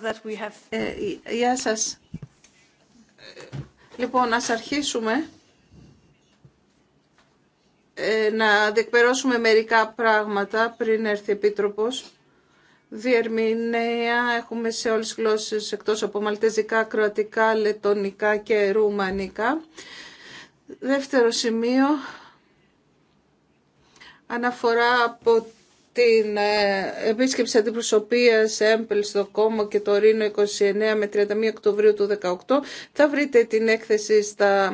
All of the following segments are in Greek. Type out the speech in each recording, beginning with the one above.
That we have... Ε, γεια σας. Ε, λοιπόν, ας αρχίσουμε ε, να διεκπαιρώσουμε μερικά πράγματα πριν έρθει ο Επίτροπος. Διερμηνέα έχουμε σε όλες τις γλώσσες εκτός από μαλτεζικά, κροατικά, λετονικά και ρουμανικά. Δεύτερο σημείο, αναφορά από την ε, επίσκεψη αντιπροσωπεία ΕΜΠΕΛ στο κόμμα και το Ρήνο 29 με 31 Οκτωβρίου του 2018. Θα βρείτε την έκθεση στα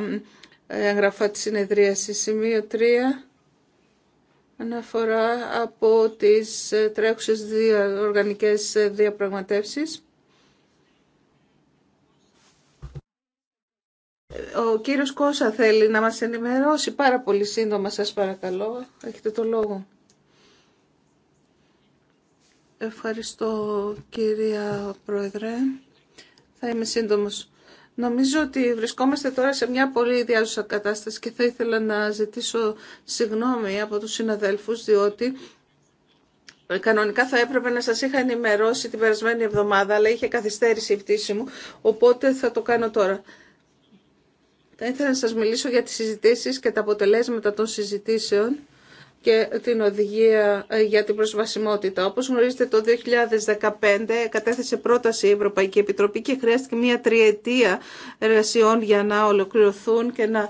ε, εγγραφά της συνεδρίασης. Σημείο 3 αναφορά από τις ε, τρέχουσες δια, οργανικές διαπραγματεύσεις. Ο κύριος Κώσα θέλει να μας ενημερώσει πάρα πολύ σύντομα, σας παρακαλώ. Έχετε το λόγο. Ευχαριστώ κυρία Πρόεδρε. Θα είμαι σύντομος. Νομίζω ότι βρισκόμαστε τώρα σε μια πολύ ιδιάζουσα κατάσταση και θα ήθελα να ζητήσω συγγνώμη από τους συναδέλφους διότι Κανονικά θα έπρεπε να σας είχα ενημερώσει την περασμένη εβδομάδα, αλλά είχε καθυστέρηση η πτήση μου, οπότε θα το κάνω τώρα. Θα ήθελα να σας μιλήσω για τις συζητήσεις και τα αποτελέσματα των συζητήσεων και την οδηγία ε, για την προσβασιμότητα. Όπως γνωρίζετε το 2015 κατέθεσε πρόταση η Ευρωπαϊκή Επιτροπή και χρειάστηκε μια τριετία εργασιών για να ολοκληρωθούν και να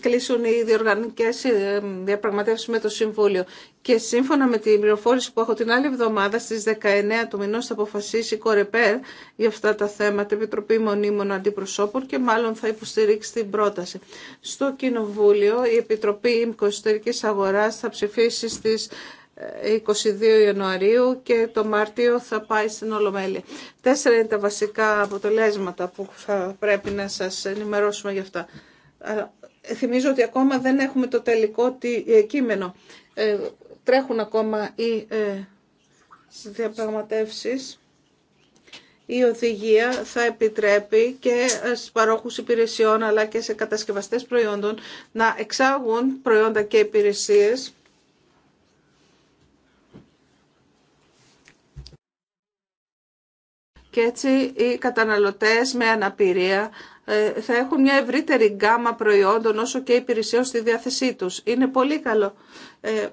κλείσουν οι διοργανικές ε, διαπραγματεύσεις με το Συμβούλιο. Και σύμφωνα με την πληροφόρηση που έχω την άλλη εβδομάδα, στις 19 του μηνός θα αποφασίσει η Κορεπέρ για αυτά τα θέματα, η Επιτροπή Μονίμων Αντιπροσώπων και μάλλον θα υποστηρίξει την πρόταση. Στο Κοινοβούλιο η Επιτροπή Οικοσυτερικής Αγοράς θα ψηφίσει στις 22 ε, Ιανουαρίου και το Μάρτιο θα πάει στην Ολομέλη. Τέσσερα είναι τα βασικά αποτελέσματα που θα πρέπει να σας ενημερώσουμε γι' αυτά. Θυμίζω ότι ακόμα δεν έχουμε το τελικό ε, κείμενο. Ε, τρέχουν ακόμα οι ε, διαπραγματεύσεις. Η οδηγία θα επιτρέπει και στους παρόχους υπηρεσιών αλλά και σε κατασκευαστές προϊόντων να εξάγουν προϊόντα και υπηρεσίες και έτσι οι καταναλωτές με αναπηρία ε, θα έχουν μια ευρύτερη γκάμα προϊόντων όσο και υπηρεσιών στη διάθεσή τους. Είναι πολύ καλό ε,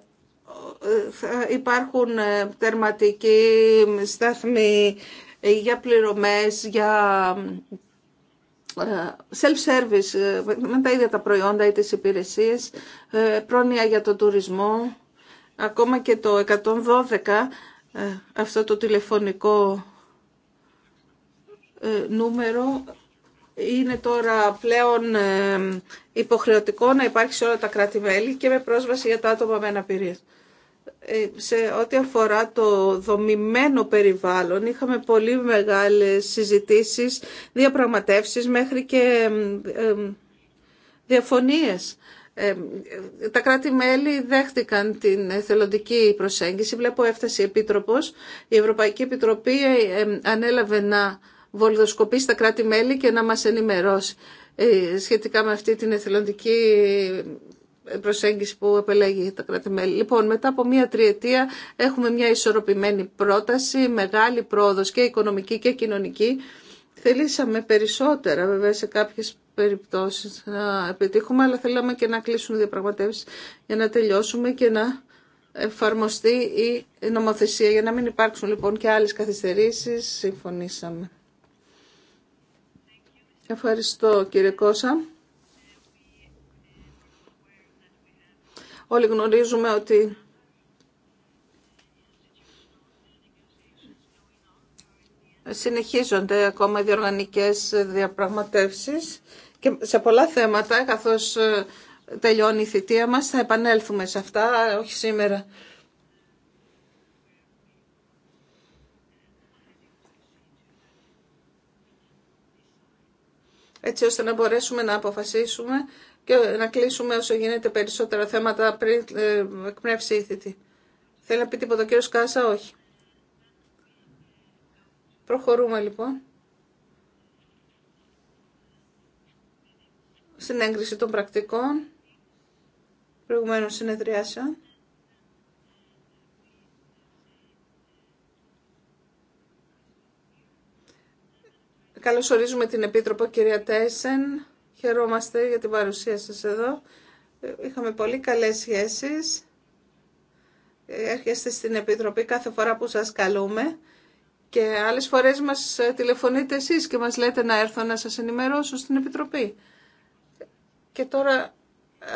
υπάρχουν ε, τερματικοί στάθμοι για πληρωμές, για ε, self-service ε, με τα ίδια τα προϊόντα ή τις υπηρεσίες, πρόνοια για τον τουρισμό, ακόμα και το 112, αυτό το τηλεφωνικό νούμερο είναι τώρα πλέον υποχρεωτικό να υπάρχει σε όλα τα κράτη-μέλη και με πρόσβαση για τα άτομα με αναπηρία. Ε, σε ό,τι αφορά το δομημένο περιβάλλον είχαμε πολύ μεγάλες συζητήσεις, διαπραγματεύσεις μέχρι και διαφωνίες. Τα κράτη-μέλη δέχτηκαν την εθελοντική προσέγγιση. Βλέπω έφτασε η Επίτροπος. Η Ευρωπαϊκή Επιτροπή ε, ανέλαβε να βολιδοσκοπήσει τα κράτη-μέλη και να μας ενημερώσει ε, σχετικά με αυτή την εθελοντική προσέγγιση που επελέγει τα κράτη-μέλη. Λοιπόν, μετά από μία τριετία έχουμε μια ισορροπημένη πρόταση, μεγάλη πρόοδος και οικονομική και κοινωνική. Θελήσαμε περισσότερα βέβαια σε κάποιες περιπτώσεις να επιτύχουμε, αλλά θέλαμε και να κλείσουν οι διαπραγματεύσεις για να τελειώσουμε και να εφαρμοστεί η νομοθεσία. Για να μην υπάρξουν λοιπόν και άλλες καθυστερήσεις, συμφωνήσαμε. Ευχαριστώ κύριε Κώσα. Όλοι γνωρίζουμε ότι συνεχίζονται ακόμα οι διοργανικές διαπραγματεύσεις και σε πολλά θέματα, καθώς ε, τελειώνει η θητεία μας, θα επανέλθουμε σε αυτά, όχι σήμερα. έτσι ώστε να μπορέσουμε να αποφασίσουμε και να κλείσουμε όσο γίνεται περισσότερα θέματα πριν ε, εκπνεύσει η θητή. Θέλει να πει τίποτα ο κύριος Κάσα, όχι. Προχωρούμε λοιπόν. Στην έγκριση των πρακτικών προηγουμένων συνεδριάσεων. Καλώς ορίζουμε την Επίτροπο κυρία Τέσεν. Χαιρόμαστε για την παρουσία σας εδώ. Είχαμε πολύ καλές σχέσεις. Έρχεστε στην Επιτροπή κάθε φορά που σας καλούμε και άλλες φορές μας τηλεφωνείτε εσείς και μας λέτε να έρθω να σας ενημερώσω στην Επιτροπή. Και τώρα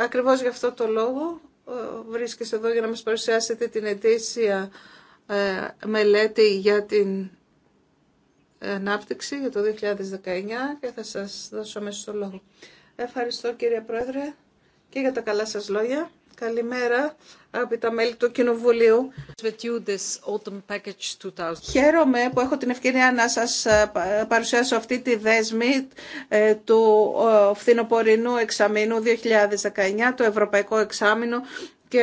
ακριβώς γι' αυτό το λόγο ε, βρίσκεστε εδώ για να μας παρουσιάσετε την ετήσια ε, μελέτη για την ανάπτυξη για το 2019 και θα σας δώσω μέσα στο λόγο. Ευχαριστώ κύριε Πρόεδρε και για τα καλά σας λόγια. Καλημέρα, από τα μέλη του Κοινοβουλίου. Χαίρομαι που έχω την ευκαιρία να σας ε, ε, παρουσιάσω αυτή τη δέσμη ε, του φθινοπορεινού εξαμήνου 2019, το Ευρωπαϊκό Εξάμεινο και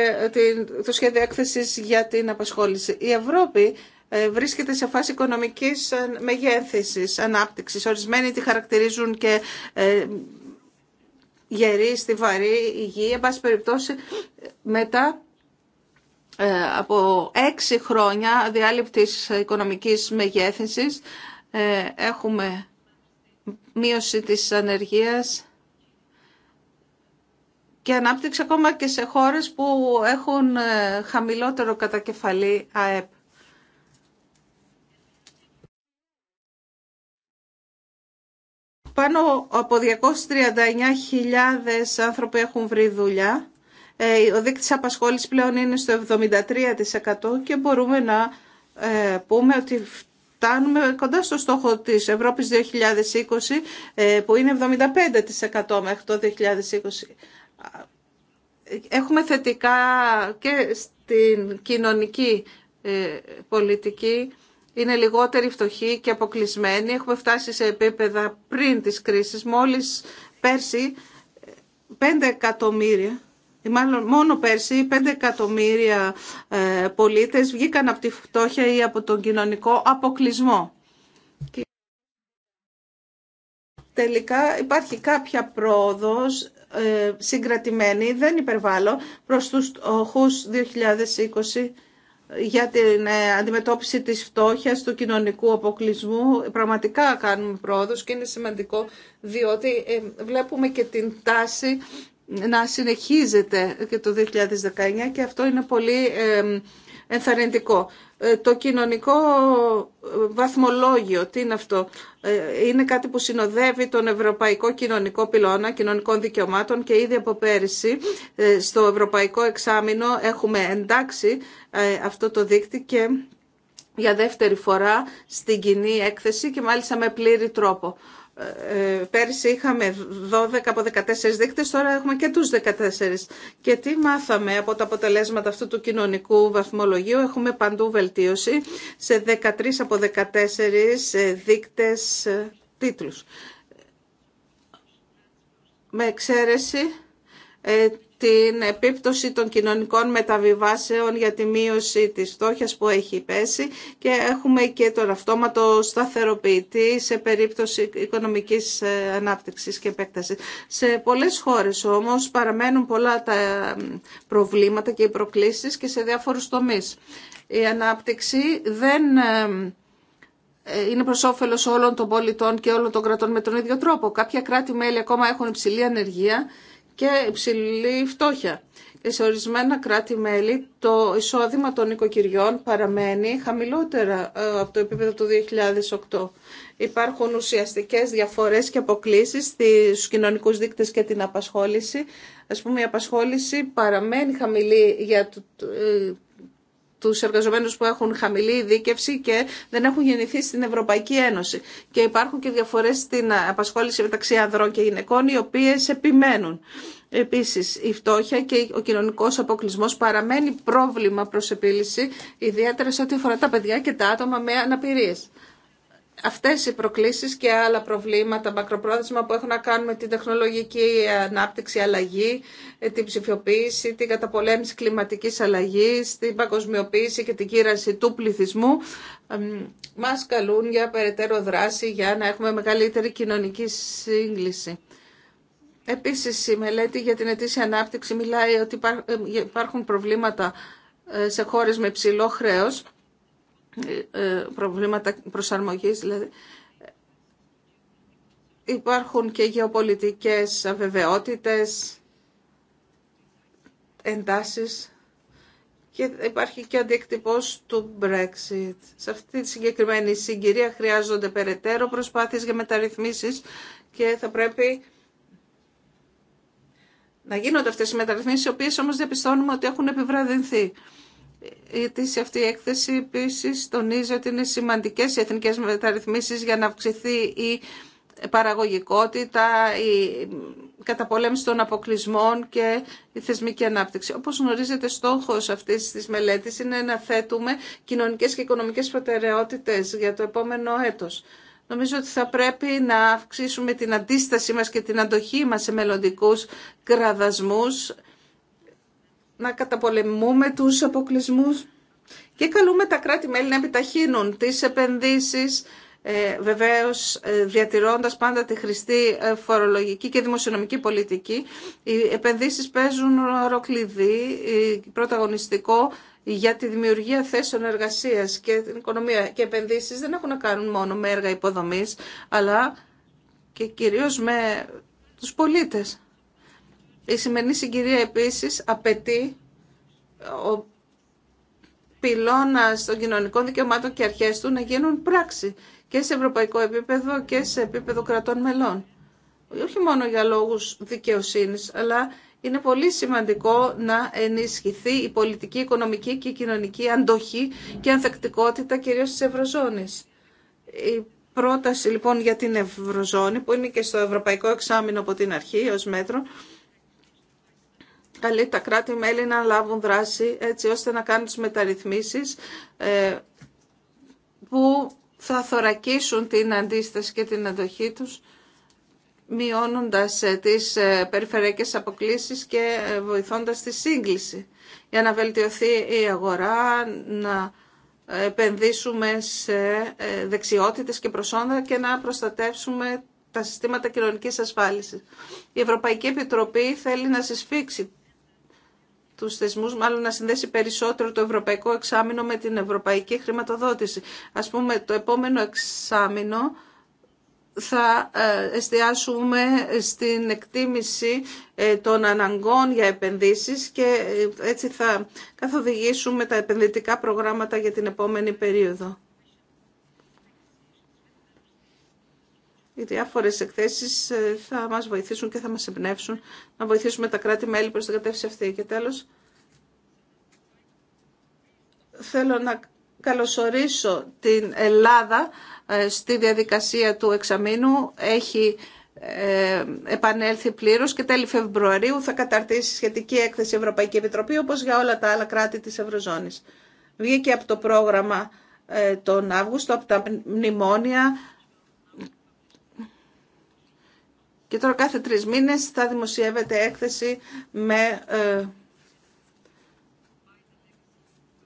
το σχέδιο έκθεσης για την απασχόληση. Η Ευρώπη ε, βρίσκεται σε φάση οικονομικής ε, μεγέθησης, ανάπτυξης. Ορισμένοι τη χαρακτηρίζουν και ε, γερή, στιβαρή, υγιή. Εν πάση περιπτώσει, μετά από έξι χρόνια διάλειπτης οικονομικής μεγέθυνσης έχουμε μείωση της ανεργίας και ανάπτυξη ακόμα και σε χώρες που έχουν χαμηλότερο κατακεφαλή ΑΕΠ. Πάνω από 239.000 άνθρωποι έχουν βρει δουλειά. Ε, ο δείκτης απασχόλησης πλέον είναι στο 73% και μπορούμε να ε, πούμε ότι φτάνουμε κοντά στο στόχο της Ευρώπης 2020 ε, που είναι 75% μέχρι το 2020. Έχουμε θετικά και στην κοινωνική πολιτική είναι λιγότεροι φτωχοί και αποκλεισμένοι. Έχουμε φτάσει σε επίπεδα πριν της κρίσης. Μόλις πέρσι 5 εκατομμύρια, ή μόνο πέρσι 5 εκατομμύρια ε, πολίτες βγήκαν από τη φτώχεια ή από τον κοινωνικό αποκλεισμό. Τελικά υπάρχει κάποια πρόοδος ε, συγκρατημένη, δεν υπερβάλλω, προς τους στόχους 2020 για την ε, αντιμετώπιση της φτώχειας, του κοινωνικού αποκλεισμού. Πραγματικά κάνουμε πρόοδος και είναι σημαντικό διότι ε, βλέπουμε και την τάση να συνεχίζεται και το 2019 και αυτό είναι πολύ ε, ενθαρρυντικό. Το κοινωνικό βαθμολόγιο, τι είναι αυτό, είναι κάτι που συνοδεύει τον Ευρωπαϊκό Κοινωνικό Πυλώνα Κοινωνικών Δικαιωμάτων και ήδη από πέρυσι στο Ευρωπαϊκό Εξάμεινο έχουμε εντάξει ε, αυτό το δίκτυο και για δεύτερη φορά στην κοινή έκθεση και μάλιστα με πλήρη τρόπο. Ε, ε, Πέρυσι είχαμε 12 από 14 δείκτες, τώρα έχουμε και τους 14. Και τι μάθαμε από τα αποτελέσματα αυτού του κοινωνικού βαθμολογίου. Έχουμε παντού βελτίωση σε 13 από 14 δείκτες τίτλους. Με εξαίρεση την επίπτωση των κοινωνικών μεταβιβάσεων για τη μείωση της φτώχειας που έχει πέσει και έχουμε και τον αυτόματο σταθεροποιητή σε περίπτωση οικονομικής ε, ανάπτυξης και επέκτασης. Σε πολλές χώρες όμως παραμένουν πολλά τα προβλήματα και οι προκλήσεις και σε διάφορους τομείς. Η ανάπτυξη δεν ε, ε, είναι προ όφελο όλων των πολιτών και όλων των κρατών με τον ίδιο τρόπο. Κάποια κράτη-μέλη ακόμα έχουν υψηλή ανεργία και υψηλή φτώχεια. Και σε ορισμένα κράτη-μέλη το εισόδημα των οικοκυριών παραμένει χαμηλότερα ε, από το επίπεδο του 2008. Υπάρχουν ουσιαστικές διαφορές και αποκλήσεις στους κοινωνικούς δείκτες και την απασχόληση. Ας πούμε η απασχόληση παραμένει χαμηλή για το ε, τους εργαζομένους που έχουν χαμηλή δίκευση και δεν έχουν γεννηθεί στην Ευρωπαϊκή Ένωση. Και υπάρχουν και διαφορές στην απασχόληση μεταξύ ανδρών και γυναικών, οι οποίες επιμένουν. Επίσης, η φτώχεια και ο κοινωνικός αποκλεισμός παραμένει πρόβλημα προς επίλυση, ιδιαίτερα σε ό,τι αφορά τα παιδιά και τα άτομα με αναπηρίες αυτές οι προκλήσεις και άλλα προβλήματα μακροπρόθεσμα που έχουν να κάνουν με την τεχνολογική ανάπτυξη, αλλαγή, ε, την ψηφιοποίηση, την καταπολέμηση κλιματικής αλλαγής, την παγκοσμιοποίηση και την κύραση του πληθυσμού, μας καλούν για περαιτέρω δράση για να έχουμε μεγαλύτερη κοινωνική σύγκληση. Επίσης, η μελέτη για την ετήσια ανάπτυξη μιλάει ότι ε, υπάρχουν προβλήματα ε, σε χώρες με ψηλό χρέος, ε, προβλήματα προσαρμογής δηλαδή. Υπάρχουν και γεωπολιτικές αβεβαιότητες, εντάσεις και υπάρχει και αντίκτυπος του Brexit. Σε αυτή τη συγκεκριμένη συγκυρία χρειάζονται περαιτέρω προσπάθειες για μεταρρυθμίσεις και θα πρέπει να γίνονται αυτές οι μεταρρυθμίσεις, οι οποίες όμως διαπιστώνουμε ότι έχουν επιβραδυνθεί. Η σε αυτή η έκθεση επίση τονίζει ότι είναι σημαντικέ οι εθνικέ μεταρρυθμίσει για να αυξηθεί η παραγωγικότητα, η καταπολέμηση των αποκλεισμών και η θεσμική ανάπτυξη. Όπως γνωρίζετε, στόχος αυτής της μελέτης είναι να θέτουμε κοινωνικές και οικονομικές προτεραιότητες για το επόμενο έτος. Νομίζω ότι θα πρέπει να αυξήσουμε την αντίστασή μας και την αντοχή μας σε μελλοντικού κραδασμούς να καταπολεμούμε τους αποκλεισμούς και καλούμε τα κράτη-μέλη να επιταχύνουν τις επενδύσεις, ε, βεβαίως ε, διατηρώντας πάντα τη χρηστή ε, φορολογική και δημοσιονομική πολιτική. Οι επενδύσεις παίζουν ροκλειδί, ε, πρωταγωνιστικό για τη δημιουργία θέσεων εργασίας και την οικονομία. Και επενδύσεις δεν έχουν να κάνουν μόνο με έργα υποδομής, αλλά και κυρίως με τους πολίτες. Η σημερινή συγκυρία επίσης απαιτεί ο πυλώνας των κοινωνικών δικαιωμάτων και αρχές του να γίνουν πράξη και σε ευρωπαϊκό επίπεδο και σε επίπεδο κρατών μελών. Όχι μόνο για λόγους δικαιοσύνης, αλλά είναι πολύ σημαντικό να ενισχυθεί η πολιτική, οικονομική και κοινωνική αντοχή και ανθεκτικότητα κυρίως της Ευρωζώνης. Η πρόταση λοιπόν για την Ευρωζώνη που είναι και στο Ευρωπαϊκό Εξάμεινο από την αρχή ως μέτρο καλεί τα κράτη-μέλη να λάβουν δράση έτσι ώστε να κάνουν τις μεταρρυθμίσεις ε, που θα θωρακίσουν την αντίσταση και την αντοχή τους μειώνοντας ε, τις ε, περιφερειακές αποκλήσεις και βοηθώντας τη σύγκληση για να βελτιωθεί η αγορά, να επενδύσουμε σε δεξιότητες και προσόντα και να προστατεύσουμε τα συστήματα κοινωνικής ασφάλισης. Η Ευρωπαϊκή Επιτροπή θέλει να συσφίξει τους θεσμούς, μάλλον να συνδέσει περισσότερο το ευρωπαϊκό εξάμεινο με την ευρωπαϊκή χρηματοδότηση. Ας πούμε, το επόμενο εξάμεινο θα ε, εστιάσουμε στην εκτίμηση ε, των αναγκών για επενδύσεις και ε, έτσι θα καθοδηγήσουμε τα επενδυτικά προγράμματα για την επόμενη περίοδο. οι διάφορες εκθέσεις ε, θα μας βοηθήσουν και θα μας εμπνεύσουν να βοηθήσουμε τα κράτη-μέλη προς την κατεύθυνση αυτή. Και τέλος, θέλω να καλωσορίσω την Ελλάδα ε, στη διαδικασία του εξαμήνου. Έχει ε, επανέλθει πλήρως και τέλη Φεβρουαρίου θα καταρτήσει σχετική έκθεση Ευρωπαϊκή Επιτροπή όπως για όλα τα άλλα κράτη της Ευρωζώνης. Βγήκε από το πρόγραμμα τον Αύγουστο από τα μνημόνια Και τώρα κάθε τρεις μήνες θα δημοσιεύεται έκθεση με ε,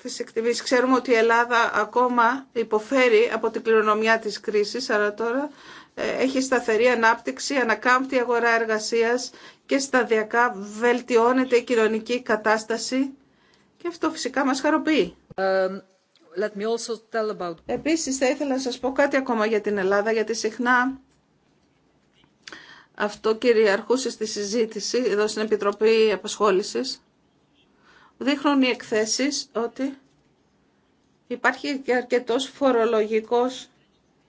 τις εκτιμήσεις. Ξέρουμε ότι η Ελλάδα ακόμα υποφέρει από την κληρονομιά της κρίσης, αλλά τώρα ε, έχει σταθερή ανάπτυξη, ανακάμπτει αγορά εργασίας και σταδιακά βελτιώνεται η κοινωνική κατάσταση και αυτό φυσικά μας χαροποιεί. Um, Επίσης θα ήθελα να σας πω κάτι ακόμα για την Ελλάδα, γιατί συχνά αυτό κυριαρχούσε στη συζήτηση εδώ στην Επιτροπή Απασχόλησης, δείχνουν οι εκθέσεις ότι υπάρχει και αρκετός φορολογικός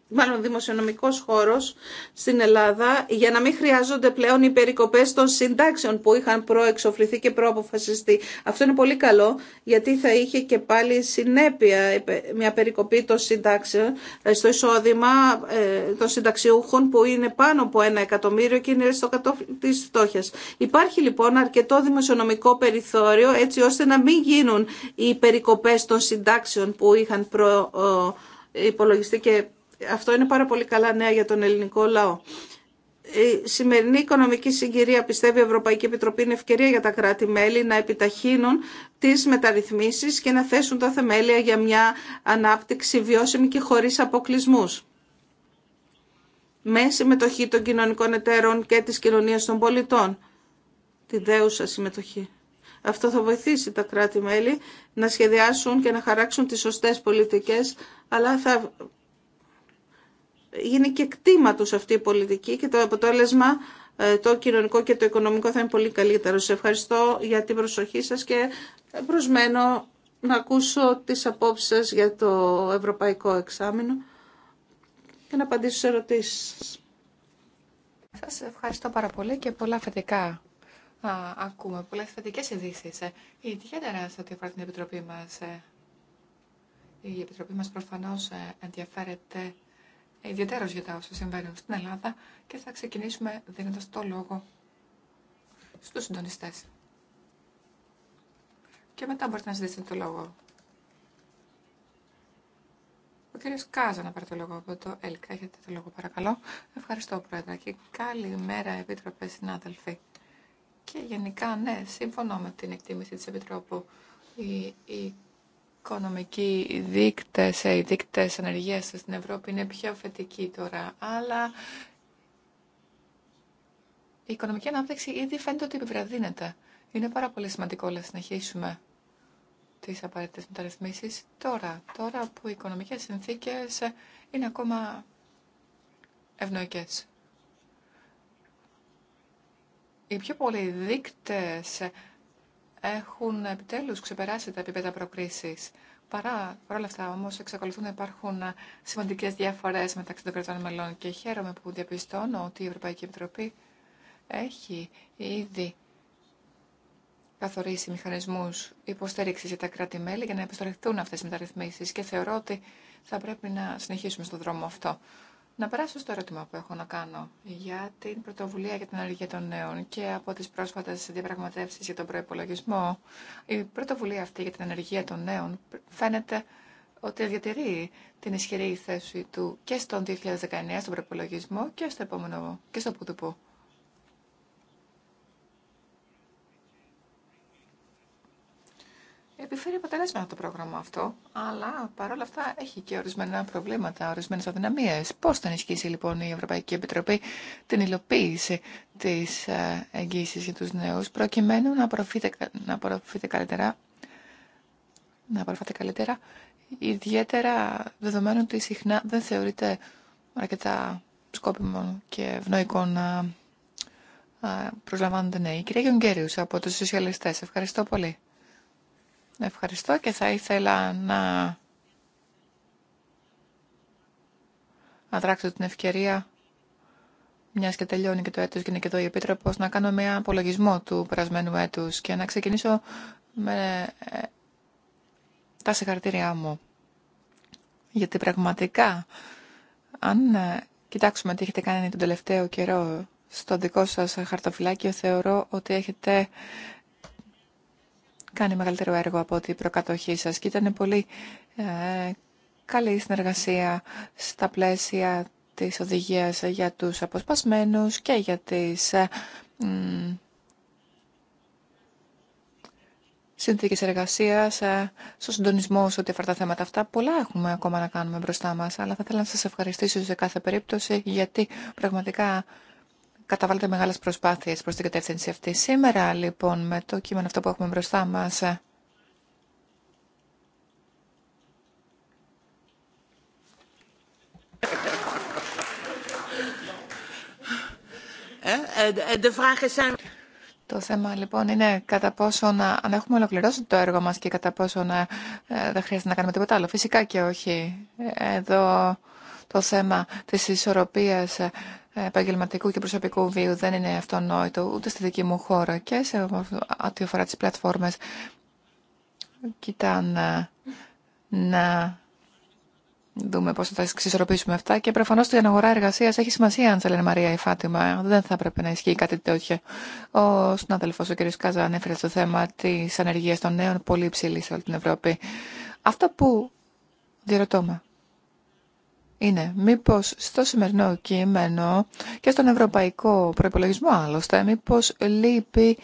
μάλλον δημοσιονομικός χώρος στην Ελλάδα για να μην χρειάζονται πλέον οι περικοπές των συντάξεων που είχαν προεξοφληθεί και προαποφασιστεί. Αυτό είναι πολύ καλό γιατί θα είχε και πάλι συνέπεια μια περικοπή των συντάξεων ε, στο εισόδημα ε, των συνταξιούχων που είναι πάνω από ένα εκατομμύριο και είναι στο κατόφλι της φτώχειας. Υπάρχει λοιπόν αρκετό δημοσιονομικό περιθώριο έτσι ώστε να μην γίνουν οι περικοπές των συντάξεων που είχαν προ και αυτό είναι πάρα πολύ καλά νέα για τον ελληνικό λαό. Η σημερινή οικονομική συγκυρία, πιστεύει η Ευρωπαϊκή Επιτροπή, είναι ευκαιρία για τα κράτη-μέλη να επιταχύνουν τι μεταρρυθμίσει και να θέσουν τα θεμέλια για μια ανάπτυξη βιώσιμη και χωρίς αποκλεισμού. Με συμμετοχή των κοινωνικών εταίρων και τη κοινωνία των πολιτών. Τη δέουσα συμμετοχή. Αυτό θα βοηθήσει τα κράτη-μέλη να σχεδιάσουν και να χαράξουν τις σωστές πολιτικές, αλλά θα γίνει και κτήματος αυτή η πολιτική και το αποτέλεσμα ε, το κοινωνικό και το οικονομικό θα είναι πολύ καλύτερο. Σε ευχαριστώ για την προσοχή σας και προσμένω να ακούσω τις απόψεις σας για το Ευρωπαϊκό Εξάμεινο και να απαντήσω σε ερωτήσεις. Σας ευχαριστώ πάρα πολύ και πολλά θετικά α, ακούμε, πολλά θετικές ειδήσει. Ε. Ιδιαίτερα σε ό,τι αφορά την Επιτροπή μας. Ε. Η Επιτροπή μας προφανώς ενδιαφέρεται ιδιαίτερος για τα όσα συμβαίνουν στην Ελλάδα και θα ξεκινήσουμε δίνοντας το λόγο στους συντονιστές. Και μετά μπορείτε να ζητήσετε το λόγο. Ο κύριος Κάζα να πάρει το λόγο από το ΕΛΚΑ. Έχετε το λόγο παρακαλώ. Ευχαριστώ πρόεδρε και καλημέρα επίτροπε συνάδελφοι. Και γενικά ναι, συμφωνώ με την εκτίμηση της Επιτρόπου η, η οικονομικοί δείκτες, ε, οι δείκτες ανεργίας στην Ευρώπη είναι πιο φετικοί τώρα, αλλά η οικονομική ανάπτυξη ήδη φαίνεται ότι επιβραδύνεται. Είναι πάρα πολύ σημαντικό να συνεχίσουμε τις απαραίτητες μεταρρυθμίσεις τώρα, τώρα που οι οικονομικές συνθήκες είναι ακόμα ευνοϊκές. Οι πιο πολλοί δείκτες έχουν επιτέλους ξεπεράσει τα επίπεδα προκρίσης. Παρά όλα αυτά όμως εξακολουθούν να υπάρχουν σημαντικές διαφορές μεταξύ των κρατών μελών και χαίρομαι που διαπιστώνω ότι η Ευρωπαϊκή Επιτροπή έχει ήδη καθορίσει μηχανισμούς υποστήριξης για τα κράτη-μέλη για να επιστροφθούν αυτές οι μεταρρυθμίσεις και θεωρώ ότι θα πρέπει να συνεχίσουμε στον δρόμο αυτό. Να περάσω στο ερώτημα που έχω να κάνω για την πρωτοβουλία για την αλληλεγγύη των νέων και από τι πρόσφατες διαπραγματεύσει για τον προϋπολογισμό. Η πρωτοβουλία αυτή για την ενεργεία των νέων φαίνεται ότι διατηρεί την ισχυρή θέση του και στον 2019 στον προπολογισμό και στο επόμενο και στο πουδουπού. Επιφέρει αποτελέσμα το πρόγραμμα αυτό, αλλά παρόλα αυτά έχει και ορισμένα προβλήματα, ορισμένε αδυναμίε. Πώ θα ενισχύσει λοιπόν η Ευρωπαϊκή Επιτροπή την υλοποίηση τη ε, εγγύηση για του νέου, προκειμένου να απορροφείτε να καλύτερα, να καλύτερα, ιδιαίτερα δεδομένου ότι συχνά δεν θεωρείται αρκετά σκόπιμο και ευνοϊκό να ε, προσλαμβάνονται νέοι. Κυρία Γιονγκέριους από τους Σοσιαλιστές, ευχαριστώ πολύ. Ευχαριστώ και θα ήθελα να αδράξω την ευκαιρία μια και τελειώνει και το έτος και είναι και εδώ η Επίτροπος, να κάνω μια απολογισμό του περασμένου έτους και να ξεκινήσω με ε, τα συγχαρητήριά μου. Γιατί πραγματικά, αν ε, κοιτάξουμε τι έχετε κάνει τον τελευταίο καιρό στο δικό σας χαρτοφυλάκιο, θεωρώ ότι έχετε κάνει μεγαλύτερο έργο από την προκατοχή σας και ήταν πολύ ε, καλή συνεργασία στα πλαίσια της οδηγίας για τους αποσπασμένους και για τις ε, ε, Συνθήκε στο συντονισμό σε ό,τι αφορά τα θέματα αυτά. Πολλά έχουμε ακόμα να κάνουμε μπροστά μα, αλλά θα ήθελα να σα ευχαριστήσω σε κάθε περίπτωση γιατί πραγματικά καταβάλλετε μεγάλες προσπάθειες προς την κατεύθυνση αυτή. Σήμερα, λοιπόν, με το κείμενο αυτό που έχουμε μπροστά μας, ε, ε, ε, Το θέμα λοιπόν είναι κατά πόσο να, αν έχουμε ολοκληρώσει το έργο μας και κατά πόσο να, ε, δεν χρειάζεται να κάνουμε τίποτα άλλο. Φυσικά και όχι. Εδώ το θέμα της ισορροπίας ε, επαγγελματικού και προσωπικού βίου δεν είναι αυτονόητο ούτε στη δική μου χώρα και σε ό,τι αφορά τις πλατφόρμες κοιτάνε να δούμε πώς θα τα εξισορροπήσουμε αυτά και προφανώς στην αγορά εργασίας έχει σημασία αν λένε Μαρία ή Φάτιμα δεν θα έπρεπε να ισχύει κάτι τέτοιο ο συνάδελφος ο κ. Κάζα ανέφερε στο θέμα της ανεργίας των νέων πολύ υψηλή σε όλη την Ευρώπη αυτό που διαρωτώ είναι μήπως στο σημερινό κείμενο και στον ευρωπαϊκό προϋπολογισμό άλλωστε, μήπως λείπει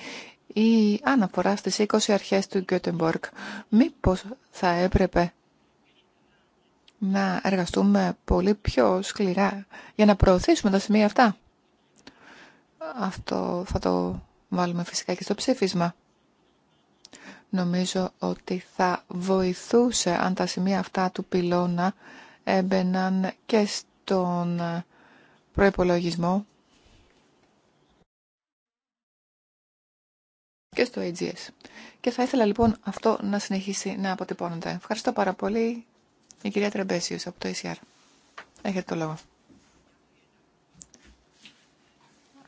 η αναφορά στις 20 αρχές του Γκέτεμπορκ. Μήπως θα έπρεπε να εργαστούμε πολύ πιο σκληρά για να προωθήσουμε τα σημεία αυτά. Αυτό θα το βάλουμε φυσικά και στο ψήφισμα. Νομίζω ότι θα βοηθούσε αν τα σημεία αυτά του πυλώνα έμπαιναν και στον προϋπολογισμό και στο AGS. Και θα ήθελα λοιπόν αυτό να συνεχίσει να αποτυπώνεται. Ευχαριστώ πάρα πολύ η κυρία Τρεμπέσιος από το ECR. Έχετε το λόγο.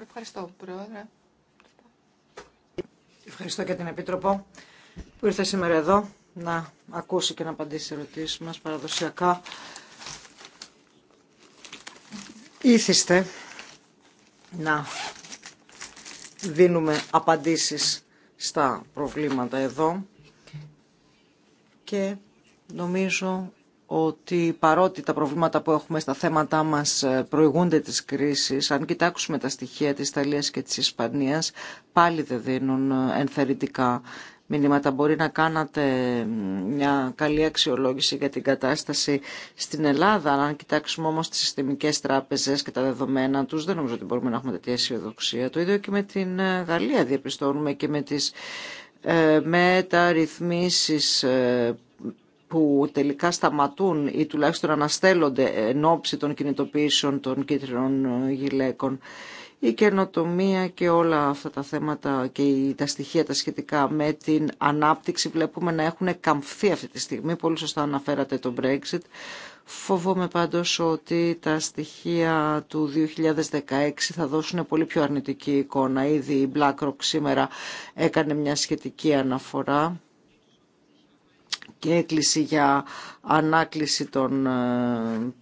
Ευχαριστώ, Πρόεδρε. Ευχαριστώ και την Επίτροπο που ήρθε σήμερα εδώ να ακούσει και να απαντήσει ερωτήσεις μας παραδοσιακά ήθιστε να δίνουμε απαντήσεις στα προβλήματα εδώ και νομίζω ότι παρότι τα προβλήματα που έχουμε στα θέματα μας ε, προηγούνται της κρίσης, αν κοιτάξουμε τα στοιχεία της Ιταλίας και της Ισπανίας, πάλι δεν δίνουν ε, ενθαρρυντικά μηνύματα. Μπορεί να κάνατε μια καλή αξιολόγηση για την κατάσταση στην Ελλάδα. Αν κοιτάξουμε όμως τις συστημικές τράπεζες και τα δεδομένα τους, δεν νομίζω ότι μπορούμε να έχουμε τέτοια αισιοδοξία. Το ίδιο και με την ε, Γαλλία διαπιστώνουμε και με τις ε, ε, που τελικά σταματούν ή τουλάχιστον αναστέλλονται εν ώψη των κινητοποιήσεων των κίτρινων ε, γυλαίκων η καινοτομία και όλα αυτά τα θέματα και τα στοιχεία τα σχετικά με την ανάπτυξη βλέπουμε να έχουν καμφθεί αυτή τη στιγμή. Πολύ σωστά αναφέρατε το Brexit. Φοβόμαι πάντως ότι τα στοιχεία του 2016 θα δώσουν πολύ πιο αρνητική εικόνα. Ήδη η BlackRock σήμερα έκανε μια σχετική αναφορά και έκκληση για ανάκληση των ε,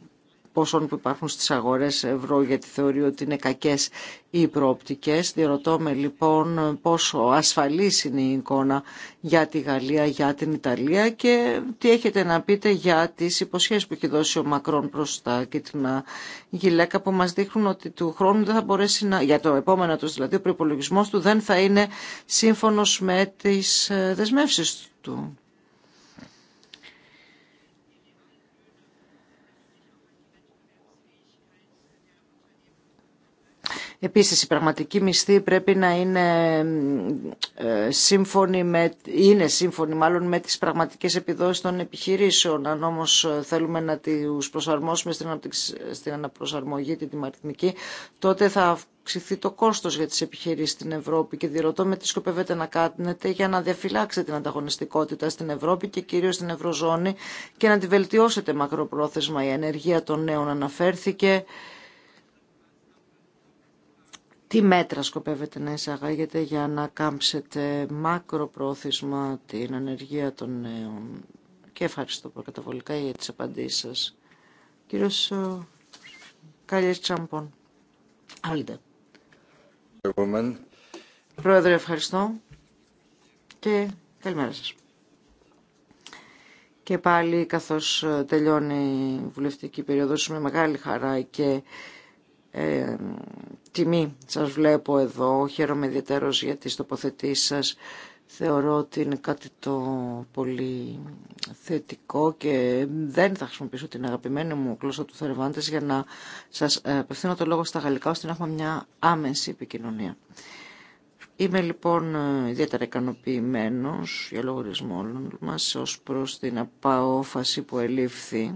ποσών που υπάρχουν στις αγορές ευρώ γιατί θεωρεί ότι είναι κακές οι προοπτικές. Διερωτώ με λοιπόν πόσο ασφαλής είναι η εικόνα για τη Γαλλία, για την Ιταλία και τι έχετε να πείτε για τις υποσχέσεις που έχει δώσει ο Μακρόν προς τα κίτρινα γυλαίκα που μας δείχνουν ότι του χρόνου δεν θα μπορέσει να, για το επόμενο του δηλαδή ο προπολογισμό του δεν θα είναι σύμφωνος με τις ε, δεσμεύσεις του. Επίσης, η πραγματική μισθή πρέπει να είναι ε, σύμφωνη, με, είναι σύμφωνη μάλλον με τις πραγματικές επιδόσεις των επιχειρήσεων. Αν όμως ε, θέλουμε να τους προσαρμόσουμε στην, στην αναπροσαρμογή, την τιμαριθμική, τότε θα αυξηθεί το κόστος για τις επιχειρήσεις στην Ευρώπη και διερωτώ με τι σκοπεύετε να κάνετε για να διαφυλάξετε την ανταγωνιστικότητα στην Ευρώπη και κυρίως στην Ευρωζώνη και να τη βελτιώσετε μακροπρόθεσμα. Η ενέργεια των νέων αναφέρθηκε. Τι μέτρα σκοπεύετε να εισαγάγετε για να κάμψετε μακροπρόθεσμα την ανεργία των νέων. Και ευχαριστώ προκαταβολικά για τις απαντήσεις σας. Κύριος ε, Κάλλιες Τσάμπον. Άλντε. Πρόεδρε, ευχαριστώ και καλημέρα σας. Και πάλι καθώς τελειώνει η βουλευτική περίοδος με μεγάλη χαρά και ε, τιμή σας βλέπω εδώ. Χαίρομαι ιδιαίτερως για τις τοποθετήσεις σας. Θεωρώ ότι είναι κάτι το πολύ θετικό και δεν θα χρησιμοποιήσω την αγαπημένη μου γλώσσα του Θερβάντες για να σας ε, απευθύνω το λόγο στα γαλλικά ώστε να έχουμε μια άμεση επικοινωνία. Είμαι λοιπόν ε, ιδιαίτερα ικανοποιημένο για λογαριασμό όλων μας ως προς την απαόφαση που ελήφθη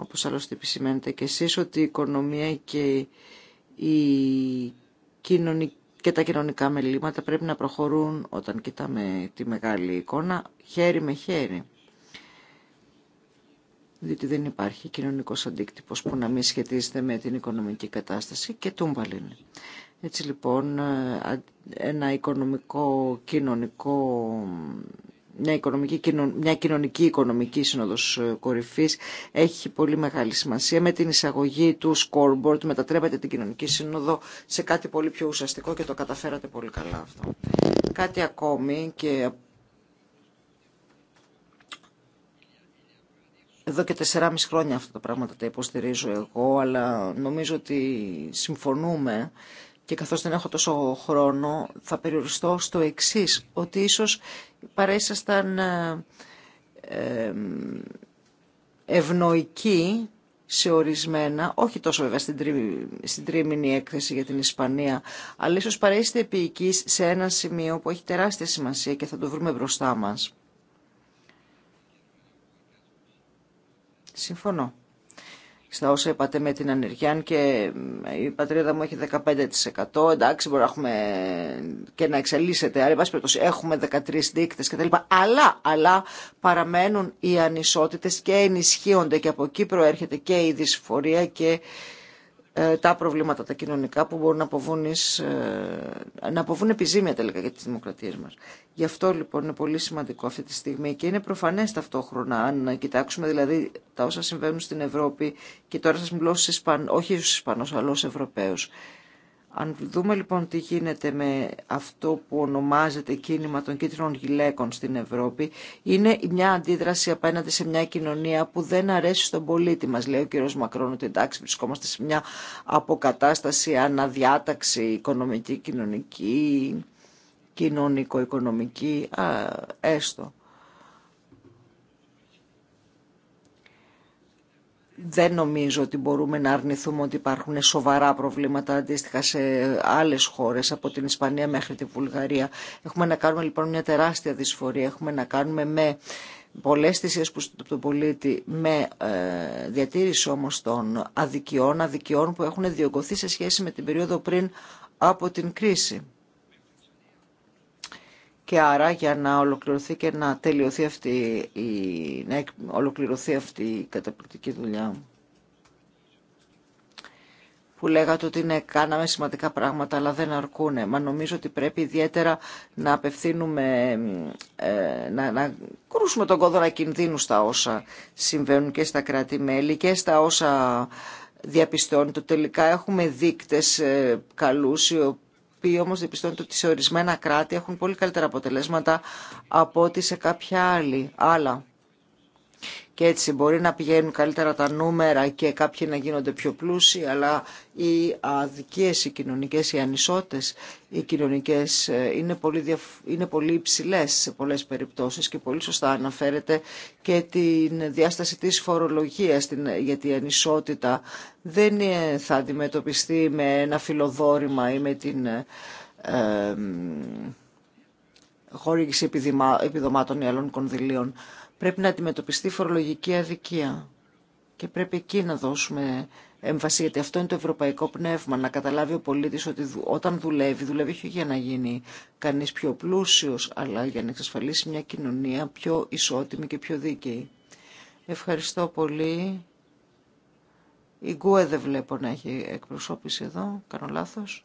όπως άλλωστε επισημαίνετε και εσείς, ότι η οικονομία και, η και τα κοινωνικά μελήματα πρέπει να προχωρούν όταν κοιτάμε τη μεγάλη εικόνα χέρι με χέρι. Διότι δεν υπάρχει κοινωνικός αντίκτυπος που να μην σχετίζεται με την οικονομική κατάσταση και τούμπαλιν. Έτσι λοιπόν ε, ένα οικονομικό, κοινωνικό μια, κοινωνική οικονομική σύνοδος ε, κορυφής έχει πολύ μεγάλη σημασία. Με την εισαγωγή του scoreboard μετατρέπεται την κοινωνική σύνοδο σε κάτι πολύ πιο ουσιαστικό και το καταφέρατε πολύ καλά αυτό. Κάτι ακόμη και Εδώ και 4,5 χρόνια αυτά τα πράγματα τα υποστηρίζω εγώ, αλλά νομίζω ότι συμφωνούμε και καθώς δεν έχω τόσο χρόνο θα περιοριστώ στο εξής, ότι ίσως παρέσασταν ε, ε, ευνοϊκοί σε ορισμένα, όχι τόσο βέβαια στην, τρί, στην τρίμηνη έκθεση για την Ισπανία, αλλά ίσως παρέσετε επίοικης σε ένα σημείο που έχει τεράστια σημασία και θα το βρούμε μπροστά μας. Συμφωνώ στα όσα είπατε με την ανεργία, και η πατρίδα μου έχει 15%, εντάξει μπορεί να έχουμε και να εξελίσσεται, άρα πάση έχουμε 13 δείκτε κτλ. Αλλά, αλλά παραμένουν οι ανισότητες και ενισχύονται και από εκεί προέρχεται και η δυσφορία και ε, τα προβλήματα τα κοινωνικά που μπορούν να αποβούν, εις, ε, να αποβούν επιζήμια τελικά για τις δημοκρατίες μας. Γι' αυτό λοιπόν είναι πολύ σημαντικό αυτή τη στιγμή και είναι προφανές ταυτόχρονα αν κοιτάξουμε δηλαδή τα όσα συμβαίνουν στην Ευρώπη και τώρα σας μιλώ όχι στους Ισπανούς αλλά ως Ευρωπαίους. Αν δούμε λοιπόν τι γίνεται με αυτό που ονομάζεται κίνημα των κίτρινων γυλαίκων στην Ευρώπη, είναι μια αντίδραση απέναντι σε μια κοινωνία που δεν αρέσει στον πολίτη μας. Λέει ο κ. Μακρόν ότι εντάξει βρισκόμαστε σε μια αποκατάσταση, αναδιάταξη οικονομική, κοινωνική, κοινωνικο-οικονομική, έστω. δεν νομίζω ότι μπορούμε να αρνηθούμε ότι υπάρχουν σοβαρά προβλήματα αντίστοιχα σε άλλες χώρες από την Ισπανία μέχρι τη Βουλγαρία. Έχουμε να κάνουμε λοιπόν μια τεράστια δυσφορία. Έχουμε να κάνουμε με πολλές θυσίες που στον πολίτη με ε, διατήρηση όμως των αδικιών, αδικιών που έχουν διωγγωθεί σε σχέση με την περίοδο πριν από την κρίση και άρα για να ολοκληρωθεί και να τελειωθεί αυτή η, να ολοκληρωθεί αυτή η καταπληκτική δουλειά που λέγατε ότι είναι κάναμε σημαντικά πράγματα αλλά δεν αρκούνε. Μα νομίζω ότι πρέπει ιδιαίτερα να απευθύνουμε, ε, να, κρούσουμε τον κόδωνα κινδύνου στα όσα συμβαίνουν και στα κράτη-μέλη και στα όσα διαπιστώνει. Το τελικά έχουμε δείκτες ε, καλούς οποίοι όμως διαπιστώνεται ότι σε ορισμένα κράτη έχουν πολύ καλύτερα αποτελέσματα από ότι σε κάποια άλλη. Άλλα και έτσι μπορεί να πηγαίνουν καλύτερα τα νούμερα και κάποιοι να γίνονται πιο πλούσιοι, αλλά οι αδικίες, οι κοινωνικές, οι ανισότητες, οι κοινωνικές ε, είναι πολύ, είναι πολύ υψηλές σε πολλές περιπτώσεις και πολύ σωστά αναφέρεται και την διάσταση της φορολογίας γιατί η ανισότητα δεν θα αντιμετωπιστεί με ένα φιλοδόρημα ή με την ε, χορήγηση επιδομάτων ή άλλων κονδυλίων πρέπει να αντιμετωπιστεί φορολογική αδικία. Και πρέπει εκεί να δώσουμε έμφαση, γιατί αυτό είναι το ευρωπαϊκό πνεύμα, να καταλάβει ο πολιτή ότι όταν δουλεύει, δουλεύει όχι για να γίνει κανείς πιο πλούσιος, αλλά για να εξασφαλίσει μια κοινωνία πιο ισότιμη και πιο δίκαιη. Ευχαριστώ πολύ. Η Γκουέ δεν βλέπω να έχει εκπροσώπηση εδώ, κάνω λάθος.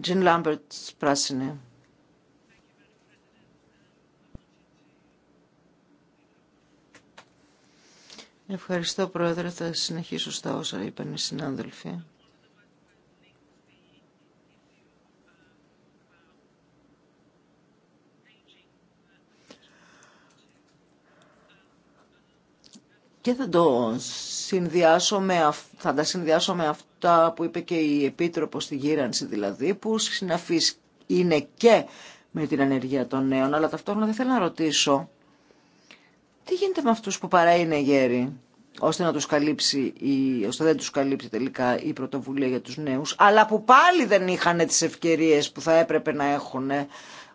Τζιν Λάμπερτ, πράσινη. Ευχαριστώ, Πρόεδρε. Θα συνεχίσω στα όσα είπαν οι συνάδελφοι. Και θα, το συνδυάσω θα τα συνδυάσω με αυτά που είπε και η επίτροπο στη γύρανση δηλαδή, που συναφής είναι και με την ανεργία των νέων, αλλά ταυτόχρονα δεν θέλω να ρωτήσω τι γίνεται με αυτούς που παρά είναι γέροι, ώστε, να τους καλύψει η, ώστε δεν τους καλύψει τελικά η πρωτοβουλία για τους νέους, αλλά που πάλι δεν είχαν τις ευκαιρίες που θα έπρεπε να έχουν ε,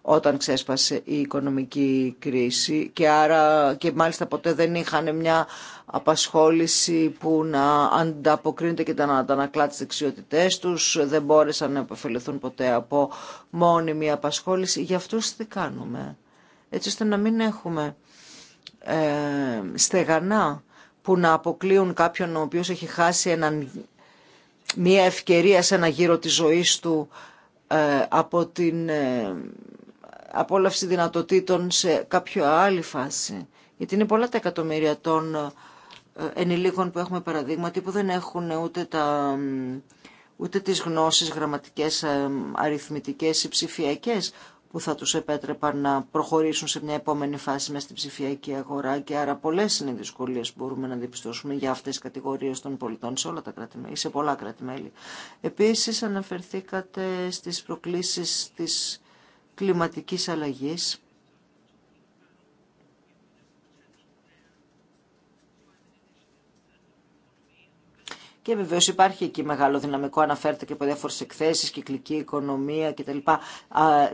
όταν ξέσπασε η οικονομική κρίση και άρα και μάλιστα ποτέ δεν είχαν μια απασχόληση που να ανταποκρίνεται και να ανακλά τις δεξιότητές τους, δεν μπόρεσαν να επωφεληθούν ποτέ από μόνιμη απασχόληση. Για αυτούς τι κάνουμε, έτσι ώστε να μην έχουμε ε, στεγανά που να αποκλείουν κάποιον ο οποίος έχει χάσει μια ευκαιρία σε ένα γύρο της ζωής του ε, από την ε, απόλαυση δυνατοτήτων σε κάποια άλλη φάση. Γιατί είναι πολλά τα εκατομμύρια των ε, ενηλίκων που έχουμε παραδείγματι που δεν έχουν ούτε, τα, ούτε τις γνώσεις γραμματικές, αριθμητικές ή ψηφιακές που θα τους επέτρεπαν να προχωρήσουν σε μια επόμενη φάση μέσα στην ψηφιακή αγορά και άρα πολλές είναι οι δυσκολίες που μπορούμε να διαπιστώσουμε για αυτές τις κατηγορίες των πολιτών σε όλα τα σε πολλά κράτη-μέλη. Επίσης αναφερθήκατε στις προκλήσεις της κλιματικής αλλαγής Και βεβαίω υπάρχει εκεί μεγάλο δυναμικό, αναφέρεται και από διάφορε εκθέσει, κυκλική οικονομία κτλ.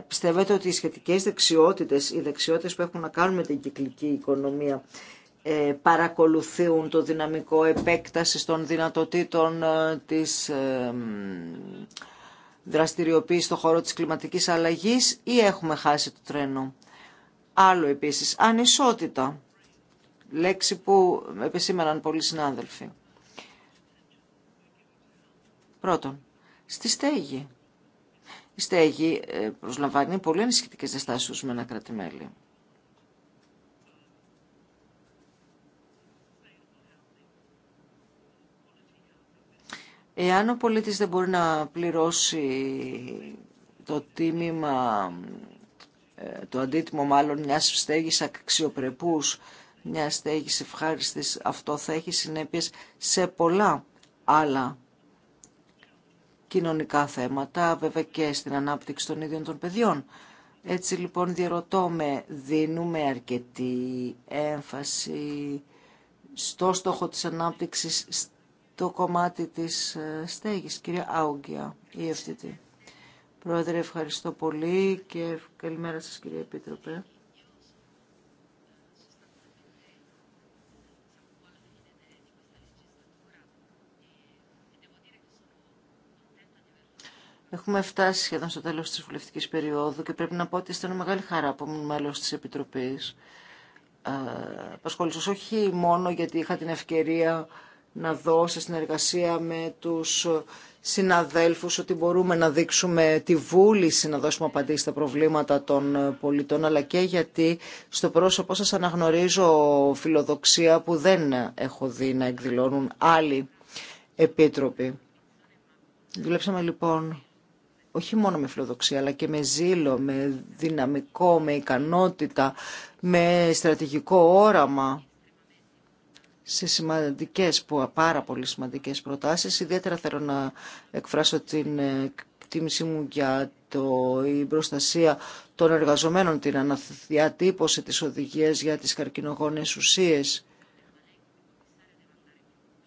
Πιστεύετε ότι οι σχετικέ δεξιότητε, οι δεξιότητε που έχουν να κάνουν με την κυκλική οικονομία, ε, παρακολουθούν το δυναμικό επέκταση των δυνατοτήτων ε, της ε, δραστηριοποίησης στον χώρο της κλιματικής αλλαγής ή έχουμε χάσει το τρένο. Άλλο επίσης, ανισότητα, λέξη που επισήμεναν πολλοί συνάδελφοι. Πρώτον, στη στέγη. Η στέγη ε, προσλαμβάνει πολύ ανησυχητικές διαστάσεις με ένα κρατημέλι. Εάν ο πολίτης δεν μπορεί να πληρώσει το τίμημα, ε, το αντίτιμο μάλλον μιας στέγης αξιοπρεπούς, μια στέγης ευχάριστης, αυτό θα έχει συνέπειες σε πολλά άλλα κοινωνικά θέματα, βέβαια και στην ανάπτυξη των ίδιων των παιδιών. Έτσι λοιπόν διαρωτώ με, δίνουμε αρκετή έμφαση στο στόχο της ανάπτυξης, στο κομμάτι της ε, στέγης. Κυρία Άουγκια, η ευθύτη. Πρόεδρε, ευχαριστώ πολύ και καλημέρα σας κύριε Επίτροπε. Έχουμε φτάσει σχεδόν στο τέλος της βουλευτική περίοδου και πρέπει να πω ότι αισθάνομαι μεγάλη χαρά από ήμουν μέλος της Επιτροπής. Ε, Απασχολήσω όχι μόνο γιατί είχα την ευκαιρία να δω σε συνεργασία με τους συναδέλφους ότι μπορούμε να δείξουμε τη βούληση να δώσουμε απαντήσεις στα προβλήματα των πολιτών αλλά και γιατί στο πρόσωπό σας αναγνωρίζω φιλοδοξία που δεν έχω δει να εκδηλώνουν άλλοι επίτροποι. Δουλέψαμε λοιπόν όχι μόνο με φιλοδοξία, αλλά και με ζήλο, με δυναμικό, με ικανότητα, με στρατηγικό όραμα σε σημαντικές, πάρα πολύ σημαντικές προτάσεις. Ιδιαίτερα θέλω να εκφράσω την εκτίμησή μου για το, η προστασία των εργαζομένων, την αναδιατύπωση της οδηγίας για τις καρκινογόνες ουσίες.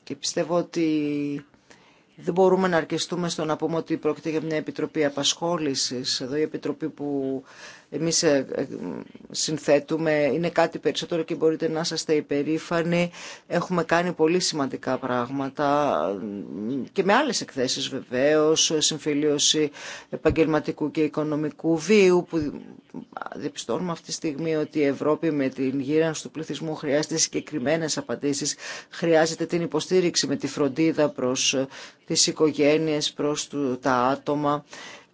Και πιστεύω ότι δεν μπορούμε να αρκεστούμε στο να πούμε ότι πρόκειται για μια επιτροπή απασχόλησης. Εδώ η επιτροπή που εμείς ε, ε, συνθέτουμε, είναι κάτι περισσότερο και μπορείτε να είστε υπερήφανοι. Έχουμε κάνει πολύ σημαντικά πράγματα και με άλλες εκθέσεις βεβαίως, συμφιλίωση επαγγελματικού και οικονομικού βίου που διαπιστώνουμε αυτή τη στιγμή ότι η Ευρώπη με την γύρανση του πληθυσμού χρειάζεται συγκεκριμένε απαντήσεις, χρειάζεται την υποστήριξη με τη φροντίδα προς τις οικογένειες, προς τα άτομα.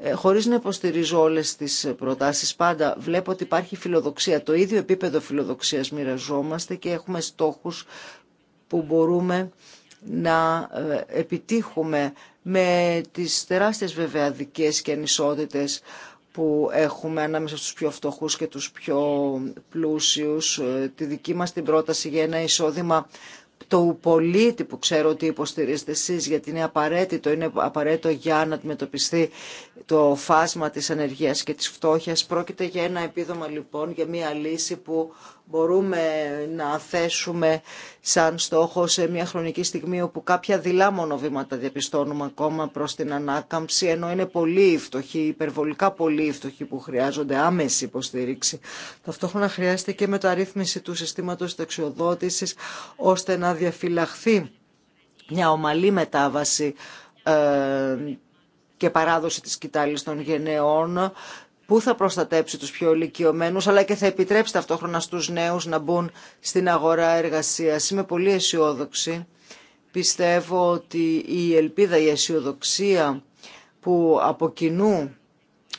Ε, χωρίς να υποστηρίζω όλες τις προτάσεις πάντα βλέπω ότι υπάρχει φιλοδοξία. Το ίδιο επίπεδο φιλοδοξίας μοιραζόμαστε και έχουμε στόχους που μπορούμε να ε, επιτύχουμε με τις τεράστιες βέβαια και ανισότητες που έχουμε ανάμεσα στους πιο φτωχούς και τους πιο πλούσιους. Ε, τη δική μας την πρόταση για ένα εισόδημα το πολίτη που ξέρω ότι υποστηρίζετε εσείς γιατί είναι απαραίτητο, είναι απαραίτητο για να αντιμετωπιστεί το φάσμα της ανεργίας και της φτώχειας. Πρόκειται για ένα επίδομα λοιπόν, για μια λύση που μπορούμε να θέσουμε σαν στόχο σε μια χρονική στιγμή όπου κάποια δειλά μόνο βήματα διαπιστώνουμε ακόμα προς την ανάκαμψη, ενώ είναι πολύ φτωχοί, υπερβολικά πολύ οι που χρειάζονται άμεση υποστήριξη. Ταυτόχρονα χρειάζεται και μεταρρύθμιση του συστήματος ταξιοδότησης ώστε να διαφυλαχθεί μια ομαλή μετάβαση ε, και παράδοση της κοιτάλης των γενναίων που θα προστατέψει τους πιο ηλικιωμένους αλλά και θα επιτρέψει ταυτόχρονα στους νέους να μπουν στην αγορά εργασίας. Είμαι πολύ αισιόδοξη. Πιστεύω ότι η ελπίδα, η αισιοδοξία που από κοινού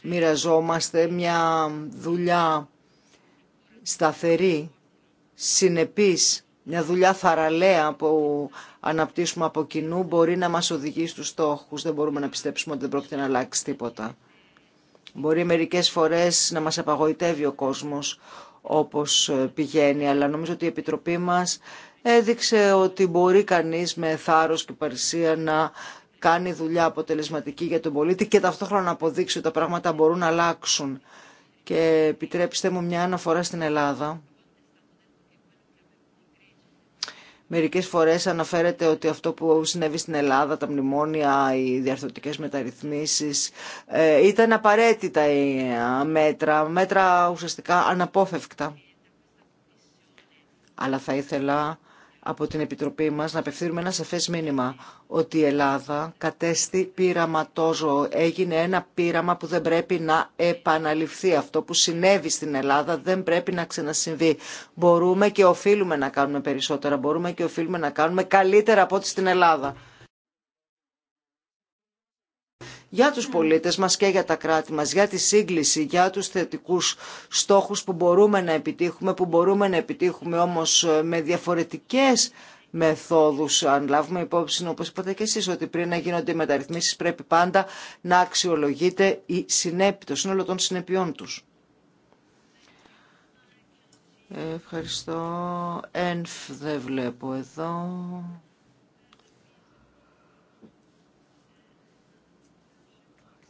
μοιραζόμαστε μια δουλειά σταθερή, συνεπής, μια δουλειά θαραλέα που αναπτύσσουμε από κοινού μπορεί να μας οδηγεί στους στόχους. Δεν μπορούμε να πιστέψουμε ότι δεν πρόκειται να αλλάξει τίποτα. Μπορεί μερικές φορές να μας απαγοητεύει ο κόσμος όπως ε, πηγαίνει, αλλά νομίζω ότι η Επιτροπή μας έδειξε ότι μπορεί κανείς με θάρρος και παρησία να κάνει δουλειά αποτελεσματική για τον πολίτη και ταυτόχρονα να αποδείξει ότι τα πράγματα μπορούν να αλλάξουν. Και επιτρέψτε μου μια αναφορά στην Ελλάδα Μερικές φορές αναφέρεται ότι αυτό που συνέβη στην Ελλάδα, τα μνημόνια, οι διαρθρωτικές μεταρρυθμίσεις, ε, ήταν απαραίτητα ε, μέτρα, μέτρα ουσιαστικά αναπόφευκτα. Αλλά θα ήθελα από την Επιτροπή μας να απευθύνουμε ένα σαφές μήνυμα ότι η Ελλάδα κατέστη πειραματόζω, έγινε ένα πείραμα που δεν πρέπει να επαναληφθεί. Αυτό που συνέβη στην Ελλάδα δεν πρέπει να ξανασυμβεί. Μπορούμε και οφείλουμε να κάνουμε περισσότερα, μπορούμε και οφείλουμε να κάνουμε καλύτερα από ό,τι στην Ελλάδα για τους πολίτες μας και για τα κράτη μας, για τη σύγκληση, για τους θετικούς στόχους που μπορούμε να επιτύχουμε, που μπορούμε να επιτύχουμε όμως ε, με διαφορετικές μεθόδους. Αν λάβουμε υπόψη, όπως είπατε και εσείς, ότι πριν να γίνονται οι μεταρρυθμίσεις πρέπει πάντα να αξιολογείται η συνέπεια, το σύνολο των συνεπειών τους. Ευχαριστώ. Ενφ δεν βλέπω εδώ.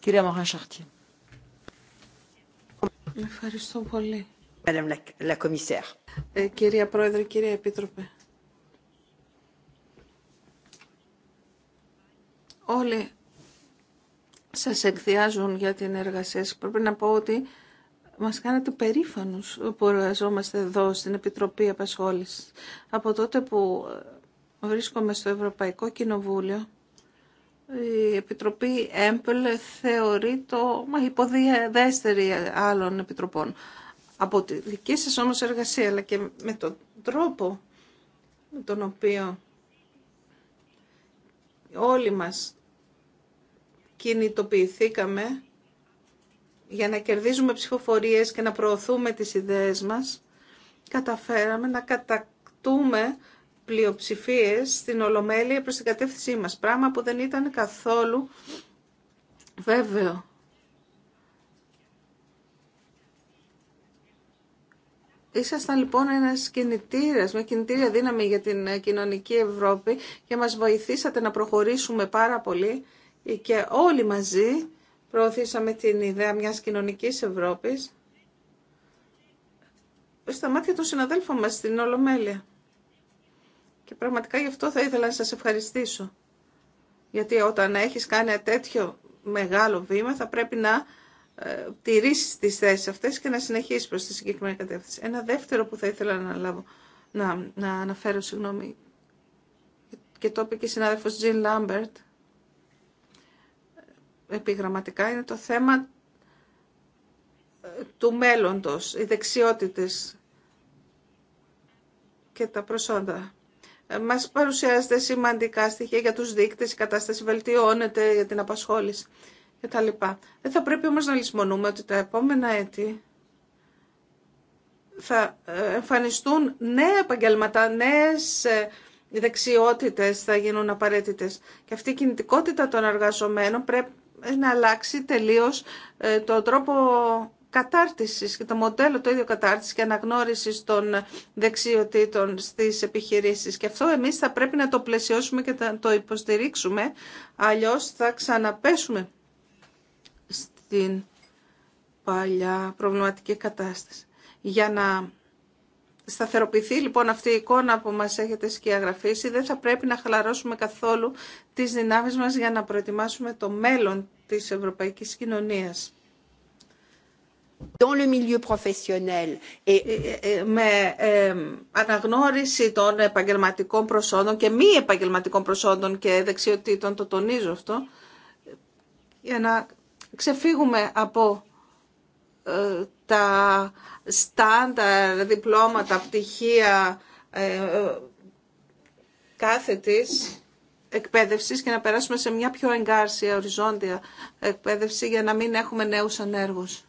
Κυρία Μαγάν Ευχαριστώ πολύ. Ε, κυρία Πρόεδρε, κύριε Επίτροπε. Όλοι σας εκδιάζουν για την εργασία σας. Πρέπει να πω ότι μας κάνετε περήφανους που εργαζόμαστε εδώ στην Επιτροπή Απασχόλησης. Από τότε που βρίσκομαι στο Ευρωπαϊκό Κοινοβούλιο, η Επιτροπή ΕΜΠΕΛ θεωρεί το μα, υποδιαδέστερη άλλων επιτροπών. Από τη δική σας όμως εργασία, αλλά και με τον τρόπο με τον οποίο όλοι μας κινητοποιηθήκαμε για να κερδίζουμε ψηφοφορίες και να προωθούμε τις ιδέες μας, καταφέραμε να κατακτούμε πλειοψηφίες στην Ολομέλεια προς την κατεύθυνσή μας, πράγμα που δεν ήταν καθόλου βέβαιο. Ήσασταν λοιπόν ένας κινητήρας, μια κινητήρια δύναμη για την ε, κοινωνική Ευρώπη και μας βοηθήσατε να προχωρήσουμε πάρα πολύ και όλοι μαζί προωθήσαμε την ιδέα μιας κοινωνικής Ευρώπης στα μάτια των συναδέλφων μας στην Ολομέλεια. Και πραγματικά γι' αυτό θα ήθελα να σας ευχαριστήσω. Γιατί όταν έχεις κάνει τέτοιο μεγάλο βήμα θα πρέπει να ε, τηρήσεις τις θέσεις αυτές και να συνεχίσεις προς τη συγκεκριμένη κατεύθυνση. Ένα δεύτερο που θα ήθελα να, να, να αναφέρω, συγγνώμη, και το είπε και η συνάδελφος Τζιν Λάμπερτ, επιγραμματικά είναι το θέμα ε, του μέλλοντος, οι δεξιότητες και τα προσόντα. Ε, μας παρουσιάζεται σημαντικά στοιχεία για τους δείκτες, η κατάσταση βελτιώνεται για την απασχόληση κτλ. Δεν θα πρέπει όμως να λησμονούμε ότι τα επόμενα έτη θα ε, εμφανιστούν νέα επαγγελματά, νέες ε, δεξιότητες θα γίνουν απαραίτητες. Και αυτή η κινητικότητα των εργαζομένων πρέπει να αλλάξει τελείως τον τρόπο κατάρτισης και το μοντέλο το ίδιο κατάρτισης και αναγνώρισης των δεξιοτήτων στις επιχειρήσεις. Και αυτό εμείς θα πρέπει να το πλαισιώσουμε και να το υποστηρίξουμε, αλλιώς θα ξαναπέσουμε στην παλιά προβληματική κατάσταση. Για να σταθεροποιηθεί λοιπόν αυτή η εικόνα που μας έχετε σκιαγραφίσει, δεν θα πρέπει να χαλαρώσουμε καθόλου τις δυνάμεις μας για να προετοιμάσουμε το μέλλον της ευρωπαϊκής κοινωνίας dans le milieu ε, ε, ε, Με αναγνώριση των επαγγελματικών προσόντων και μη επαγγελματικών προσόντων και δεξιοτήτων, το τονίζω αυτό, για να ξεφύγουμε από τα στάνταρ, διπλώματα, πτυχία κάθε της εκπαίδευσης και να περάσουμε σε μια πιο εγκάρσια, οριζόντια εκπαίδευση για να μην έχουμε νέους ανέργους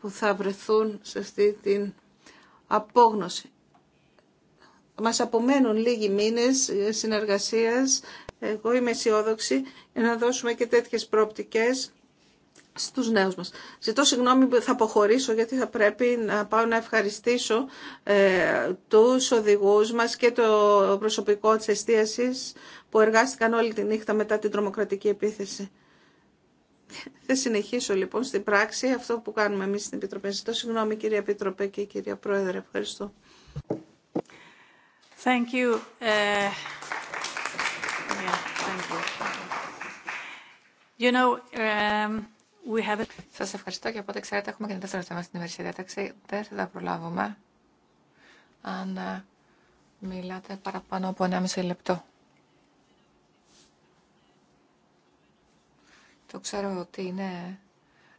που θα βρεθούν σε αυτή την απόγνωση. Μας απομένουν λίγοι μήνες ε, συνεργασίας. Εγώ είμαι αισιόδοξη για να δώσουμε και τέτοιες πρόπτικες στους νέους μας. Ζητώ συγγνώμη που θα αποχωρήσω γιατί θα πρέπει να πάω να ευχαριστήσω ε, τους οδηγούς μας και το προσωπικό της εστίασης που εργάστηκαν όλη τη νύχτα μετά την τρομοκρατική επίθεση. Θα συνεχίσω λοιπόν στην πράξη αυτό που κάνουμε εμείς στην Επιτροπή. Ζητώ συγγνώμη κυρία Επιτροπέ και κυρία Πρόεδρε. Ευχαριστώ. Thank you. Uh, yeah, thank you. You know, um, we have Σας ευχαριστώ και οπότε ξέρετε έχουμε και ένα τέσσερα θέμα στην ημερική διάταξη. Δεν θα προλάβουμε αν ε, μιλάτε παραπάνω από 1,5 λεπτό. Το ξέρω ότι είναι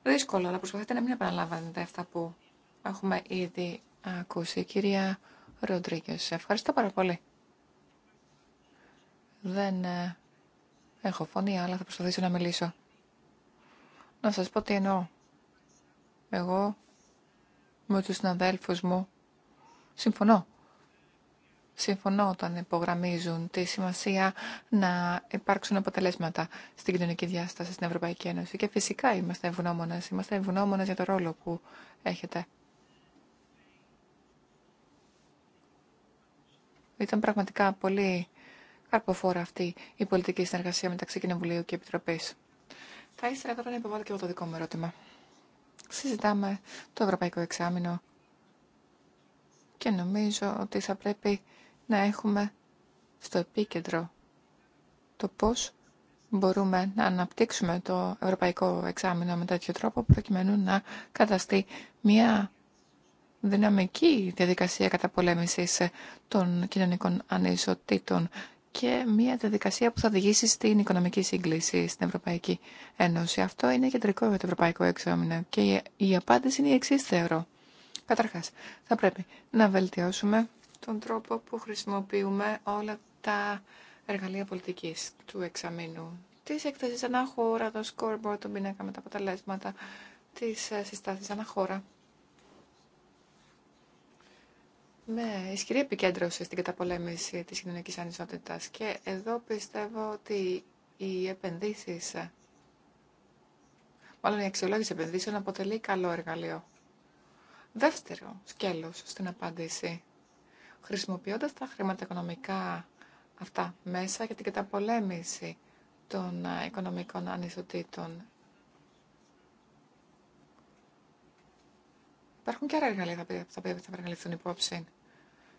δύσκολο, αλλά προσπαθείτε να μην επαναλάβετε αυτά που έχουμε ήδη ακούσει. Κυρία Ροντρίγκε, ευχαριστώ πάρα πολύ. Δεν ε, έχω φωνή, αλλά θα προσπαθήσω να μιλήσω. Να σας πω τι εννοώ. Εγώ με τους συναδέλφους μου συμφωνώ συμφωνώ όταν υπογραμμίζουν τη σημασία να υπάρξουν αποτελέσματα στην κοινωνική διάσταση στην Ευρωπαϊκή Ένωση. Και φυσικά είμαστε ευγνώμονε. Είμαστε ευγνώμονε για το ρόλο που έχετε. Ήταν πραγματικά πολύ καρποφόρα αυτή η πολιτική συνεργασία μεταξύ Κοινοβουλίου και Επιτροπή. Θα ήθελα τώρα να υποβάλω και εγώ το δικό μου ερώτημα. Συζητάμε το Ευρωπαϊκό Εξάμεινο και νομίζω ότι θα πρέπει να έχουμε στο επίκεντρο το πώς μπορούμε να αναπτύξουμε το ευρωπαϊκό εξάμεινο με τέτοιο τρόπο προκειμένου να καταστεί μια δυναμική διαδικασία καταπολέμησης των κοινωνικών ανισοτήτων και μια διαδικασία που θα οδηγήσει στην οικονομική σύγκληση στην Ευρωπαϊκή Ένωση. Αυτό είναι κεντρικό για το Ευρωπαϊκό Εξάμεινο και η απάντηση είναι η εξή θεωρώ. Καταρχάς, θα πρέπει να βελτιώσουμε τον τρόπο που χρησιμοποιούμε όλα τα εργαλεία πολιτικής του εξαμήνου. Τις εκθέσεις αναχώρα, το scoreboard, τον πίνακα με τα αποτελέσματα, τις ε, συστάσεις αναχώρα. Με ισχυρή επικέντρωση στην καταπολέμηση της κοινωνικής ανισότητας και εδώ πιστεύω ότι οι επενδύσεις, ε, μάλλον η αξιολόγηση επενδύσεων αποτελεί καλό εργαλείο. Δεύτερο σκέλος στην απάντηση χρησιμοποιώντας τα χρηματοοικονομικά αυτά μέσα για την καταπολέμηση των ε, οικονομικών ανισοτήτων. Υπάρχουν και άλλα εργαλεία τα οποία θα πρέπει να υπόψη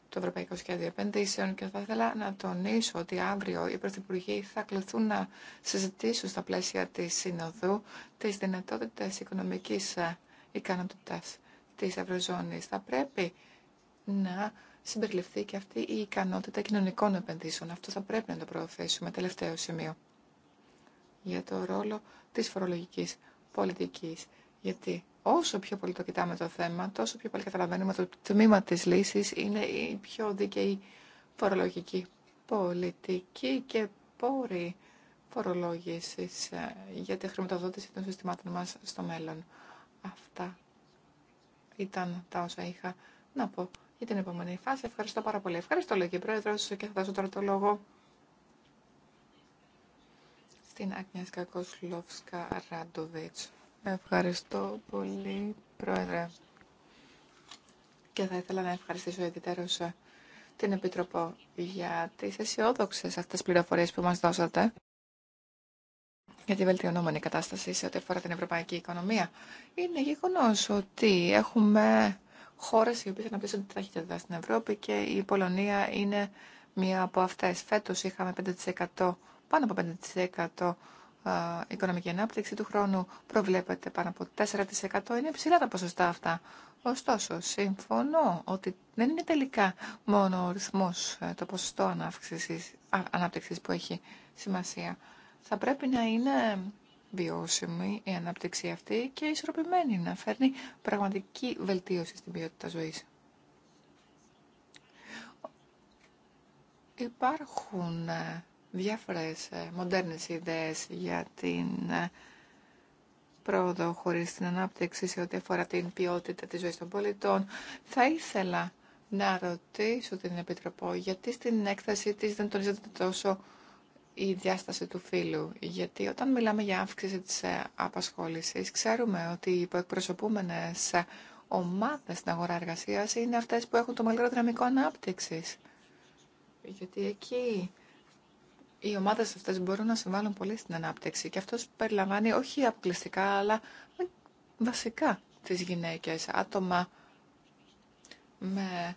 το Ευρωπαϊκό Σχέδιο Επενδύσεων και θα ήθελα να τονίσω ότι αύριο οι Πρωθυπουργοί θα κληθούν να συζητήσουν στα πλαίσια της Συνοδού τις δυνατότητες οικονομικής ε, ικανότητας της Ευρωζώνης. Θα πρέπει να συμπεριληφθεί και αυτή η ικανότητα κοινωνικών επενδύσεων. Αυτό θα πρέπει να το προωθήσουμε. Τελευταίο σημείο. Για το ρόλο της φορολογικής πολιτικής. Γιατί όσο πιο πολύ το κοιτάμε το θέμα, τόσο πιο πολύ καταλαβαίνουμε ότι το τμήμα της λύσης είναι η πιο δίκαιη φορολογική πολιτική και πόρη φορολόγησης ε, για τη χρηματοδότηση των συστημάτων μας στο μέλλον. Αυτά ήταν τα όσα είχα να πω για την επόμενη φάση. Ευχαριστώ πάρα πολύ. Ευχαριστώ, λέγει η Πρόεδρο, και θα δώσω τώρα το λόγο στην Άκνια Σκακοσλόφσκα Ράντοβιτ. Ευχαριστώ πολύ, Πρόεδρε. Και θα ήθελα να ευχαριστήσω ιδιαίτερω την Επίτροπο για τι αισιόδοξε αυτέ πληροφορίε που μα δώσατε για τη βελτιωνόμενη κατάσταση σε ό,τι αφορά την ευρωπαϊκή οικονομία. Είναι γεγονό ότι έχουμε χώρε οι οποίε αναπτύσσονται ταχύτερα στην Ευρώπη και η Πολωνία είναι μία από αυτέ. Φέτο είχαμε 5%, πάνω από 5% οικονομική ανάπτυξη του χρόνου προβλέπεται πάνω από 4%. Είναι ψηλά τα ποσοστά αυτά. Ωστόσο, συμφωνώ ότι δεν είναι τελικά μόνο ο ρυθμός, ε, το ποσοστό ανάπτυξης που έχει σημασία. Θα πρέπει να είναι βιώσιμη η ανάπτυξη αυτή και ισορροπημένη να φέρνει πραγματική βελτίωση στην ποιότητα ζωής. Υπάρχουν ε, διάφορες ε, μοντέρνες ιδέες για την ε, πρόοδο χωρίς την ανάπτυξη σε ό,τι αφορά την ποιότητα της ζωής των πολιτών. Θα ήθελα να ρωτήσω την Επιτροπό γιατί στην έκθεση της δεν τονίζεται τόσο η διάσταση του φύλου. Γιατί όταν μιλάμε για αύξηση της ε, απασχόλησης, ξέρουμε ότι οι υποεκπροσωπούμενες ε, ομάδες στην αγορά εργασίας είναι αυτές που έχουν το μεγαλύτερο δραμικό ανάπτυξης. Γιατί εκεί οι ομάδες αυτές μπορούν να συμβάλλουν πολύ στην ανάπτυξη και αυτός περιλαμβάνει όχι αποκλειστικά, αλλά βασικά τις γυναίκες, άτομα με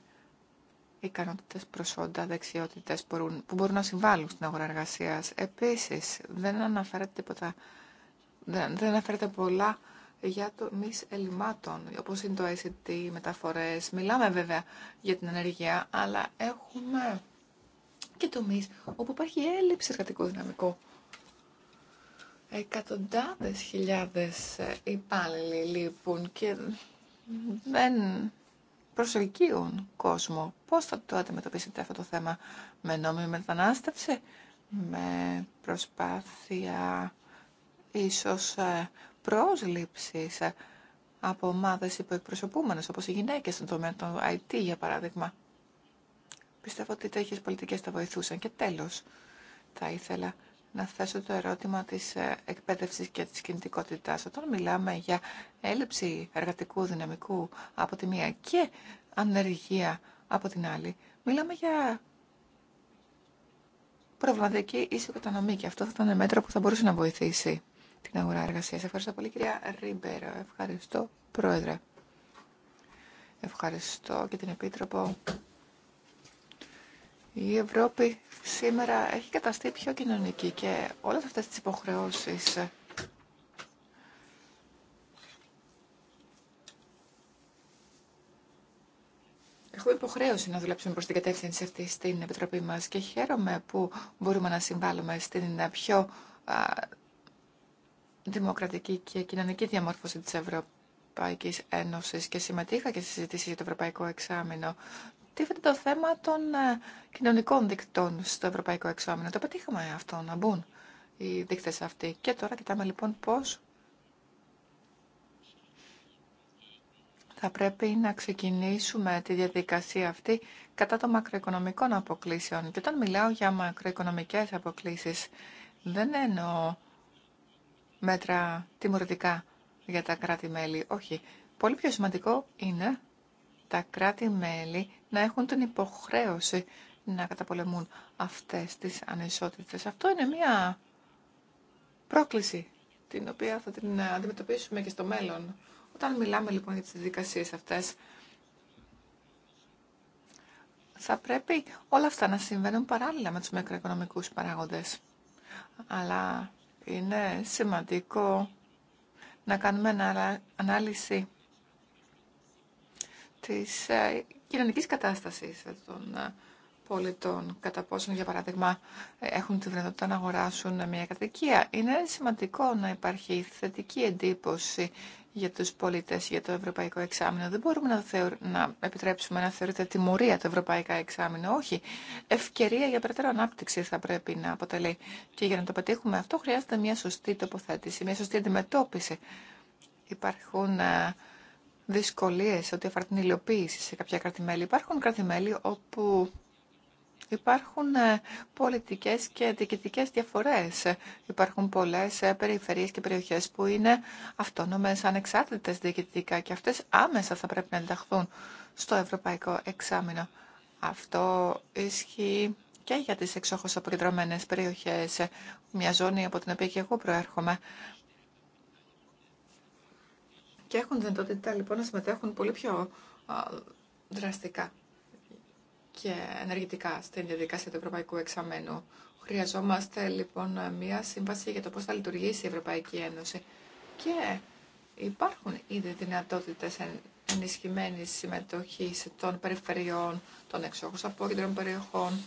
ικανότητες, προσόντα, δεξιότητες που μπορούν να συμβάλλουν στην αγορά εργασία. Επίσης, δεν αναφέρεται τίποτα, δεν, δεν αναφέρεται πολλά για το μης ελλημάτων, όπως είναι το ICT, οι μεταφορές. Μιλάμε βέβαια για την ενέργεια, αλλά έχουμε και το μης όπου υπάρχει έλλειψη εργατικού δυναμικού. Εκατοντάδες χιλιάδες υπάλληλοι λείπουν λοιπόν, και δεν προσελκύουν κόσμο. Πώς θα το αντιμετωπίσετε αυτό το θέμα με νόμιμη μετανάστευση, με προσπάθεια ίσως ε, πρόσληψης ε, από ομάδες υποεκπροσωπούμενες, όπως οι γυναίκες στον τομέα των IT, για παράδειγμα. Πιστεύω ότι τέτοιες πολιτικές θα βοηθούσαν. Και τέλος, θα ήθελα να θέσω το ερώτημα της ε, εκπαίδευσης και της κινητικότητας. Όταν μιλάμε για έλλειψη εργατικού δυναμικού από τη μία και ανεργία από την άλλη, μιλάμε για προβληματική ισοκατανομή και αυτό θα ήταν μέτρο που θα μπορούσε να βοηθήσει την αγορά εργασίας. Ευχαριστώ πολύ κυρία Ριμπέρο. Ευχαριστώ πρόεδρε. Ευχαριστώ και την Επίτροπο η Ευρώπη σήμερα έχει καταστεί πιο κοινωνική και όλες αυτές τις υποχρεώσεις ε, Έχουμε υποχρέωση να δουλέψουμε προς την κατεύθυνση αυτή στην Επιτροπή μας και χαίρομαι που μπορούμε να συμβάλλουμε στην ε, πιο δημοκρατική και κοινωνική διαμόρφωση της Ευρωπαϊκής Ένωσης και συμμετείχα και στη συζήτηση για το Ευρωπαϊκό Εξάμεινο τίθεται το θέμα των ε, κοινωνικών δικτών στο Ευρωπαϊκό Εξάμεινο. Το πετύχαμε αυτό να μπουν οι δείκτες αυτοί. Και τώρα κοιτάμε λοιπόν πώς θα πρέπει να ξεκινήσουμε τη διαδικασία αυτή κατά των μακροοικονομικών αποκλήσεων. Και όταν μιλάω για μακροοικονομικές αποκλήσεις, δεν εννοώ μέτρα τιμωρητικά για τα κράτη-μέλη. Όχι. Πολύ πιο σημαντικό είναι τα κράτη-μέλη να έχουν την υποχρέωση να καταπολεμούν αυτές τις ανισότητες. Αυτό είναι μια πρόκληση την οποία θα την αντιμετωπίσουμε και στο μέλλον. Όταν μιλάμε λοιπόν για τις δικασίες αυτές, θα πρέπει όλα αυτά να συμβαίνουν παράλληλα με τους μικροοικονομικούς παράγοντες. Αλλά είναι σημαντικό να κάνουμε ανάλυση της ε, κοινωνικής κατάστασης ε, των ε, πολιτών, κατά πόσον, για παράδειγμα, έχουν τη δυνατότητα να αγοράσουν μια κατοικία. Είναι σημαντικό να υπάρχει θετική εντύπωση για τους πολίτες για το Ευρωπαϊκό Εξάμεινο. Δεν μπορούμε να, θεω... να επιτρέψουμε να θεωρείται τιμωρία το Ευρωπαϊκό Εξάμεινο. Όχι. Ευκαιρία για περαιτέρω ανάπτυξη θα πρέπει να αποτελεί. Και για να το πετύχουμε αυτό χρειάζεται μια σωστή τοποθέτηση, μια σωστή αντιμετώπιση. Υπάρχουν δυσκολίες ό,τι αφορά την υλοποίηση σε κάποια κρατημέλη. Υπάρχουν κρατημέλη όπου υπάρχουν ε, πολιτικές και διοικητικέ διαφορές. Υπάρχουν πολλές ε, περιφερειές και περιοχές που είναι αυτόνομες, ανεξάρτητες διοικητικά και αυτές άμεσα θα πρέπει να ενταχθούν στο ευρωπαϊκό εξάμεινο. Αυτό ισχύει και για τις εξόχως αποκεντρωμένες περιοχές, μια ζώνη από την οποία και εγώ προέρχομαι και έχουν δυνατότητα λοιπόν να συμμετέχουν πολύ πιο δραστικά και ενεργητικά στην διαδικασία του Ευρωπαϊκού Εξαμένου. Χρειαζόμαστε λοιπόν μια σύμβαση για το πώς θα λειτουργήσει η Ευρωπαϊκή Ένωση και υπάρχουν ήδη δυνατότητες ενισχυμένη συμμετοχή των περιφερειών, των εξόχους απόκεντρων περιοχών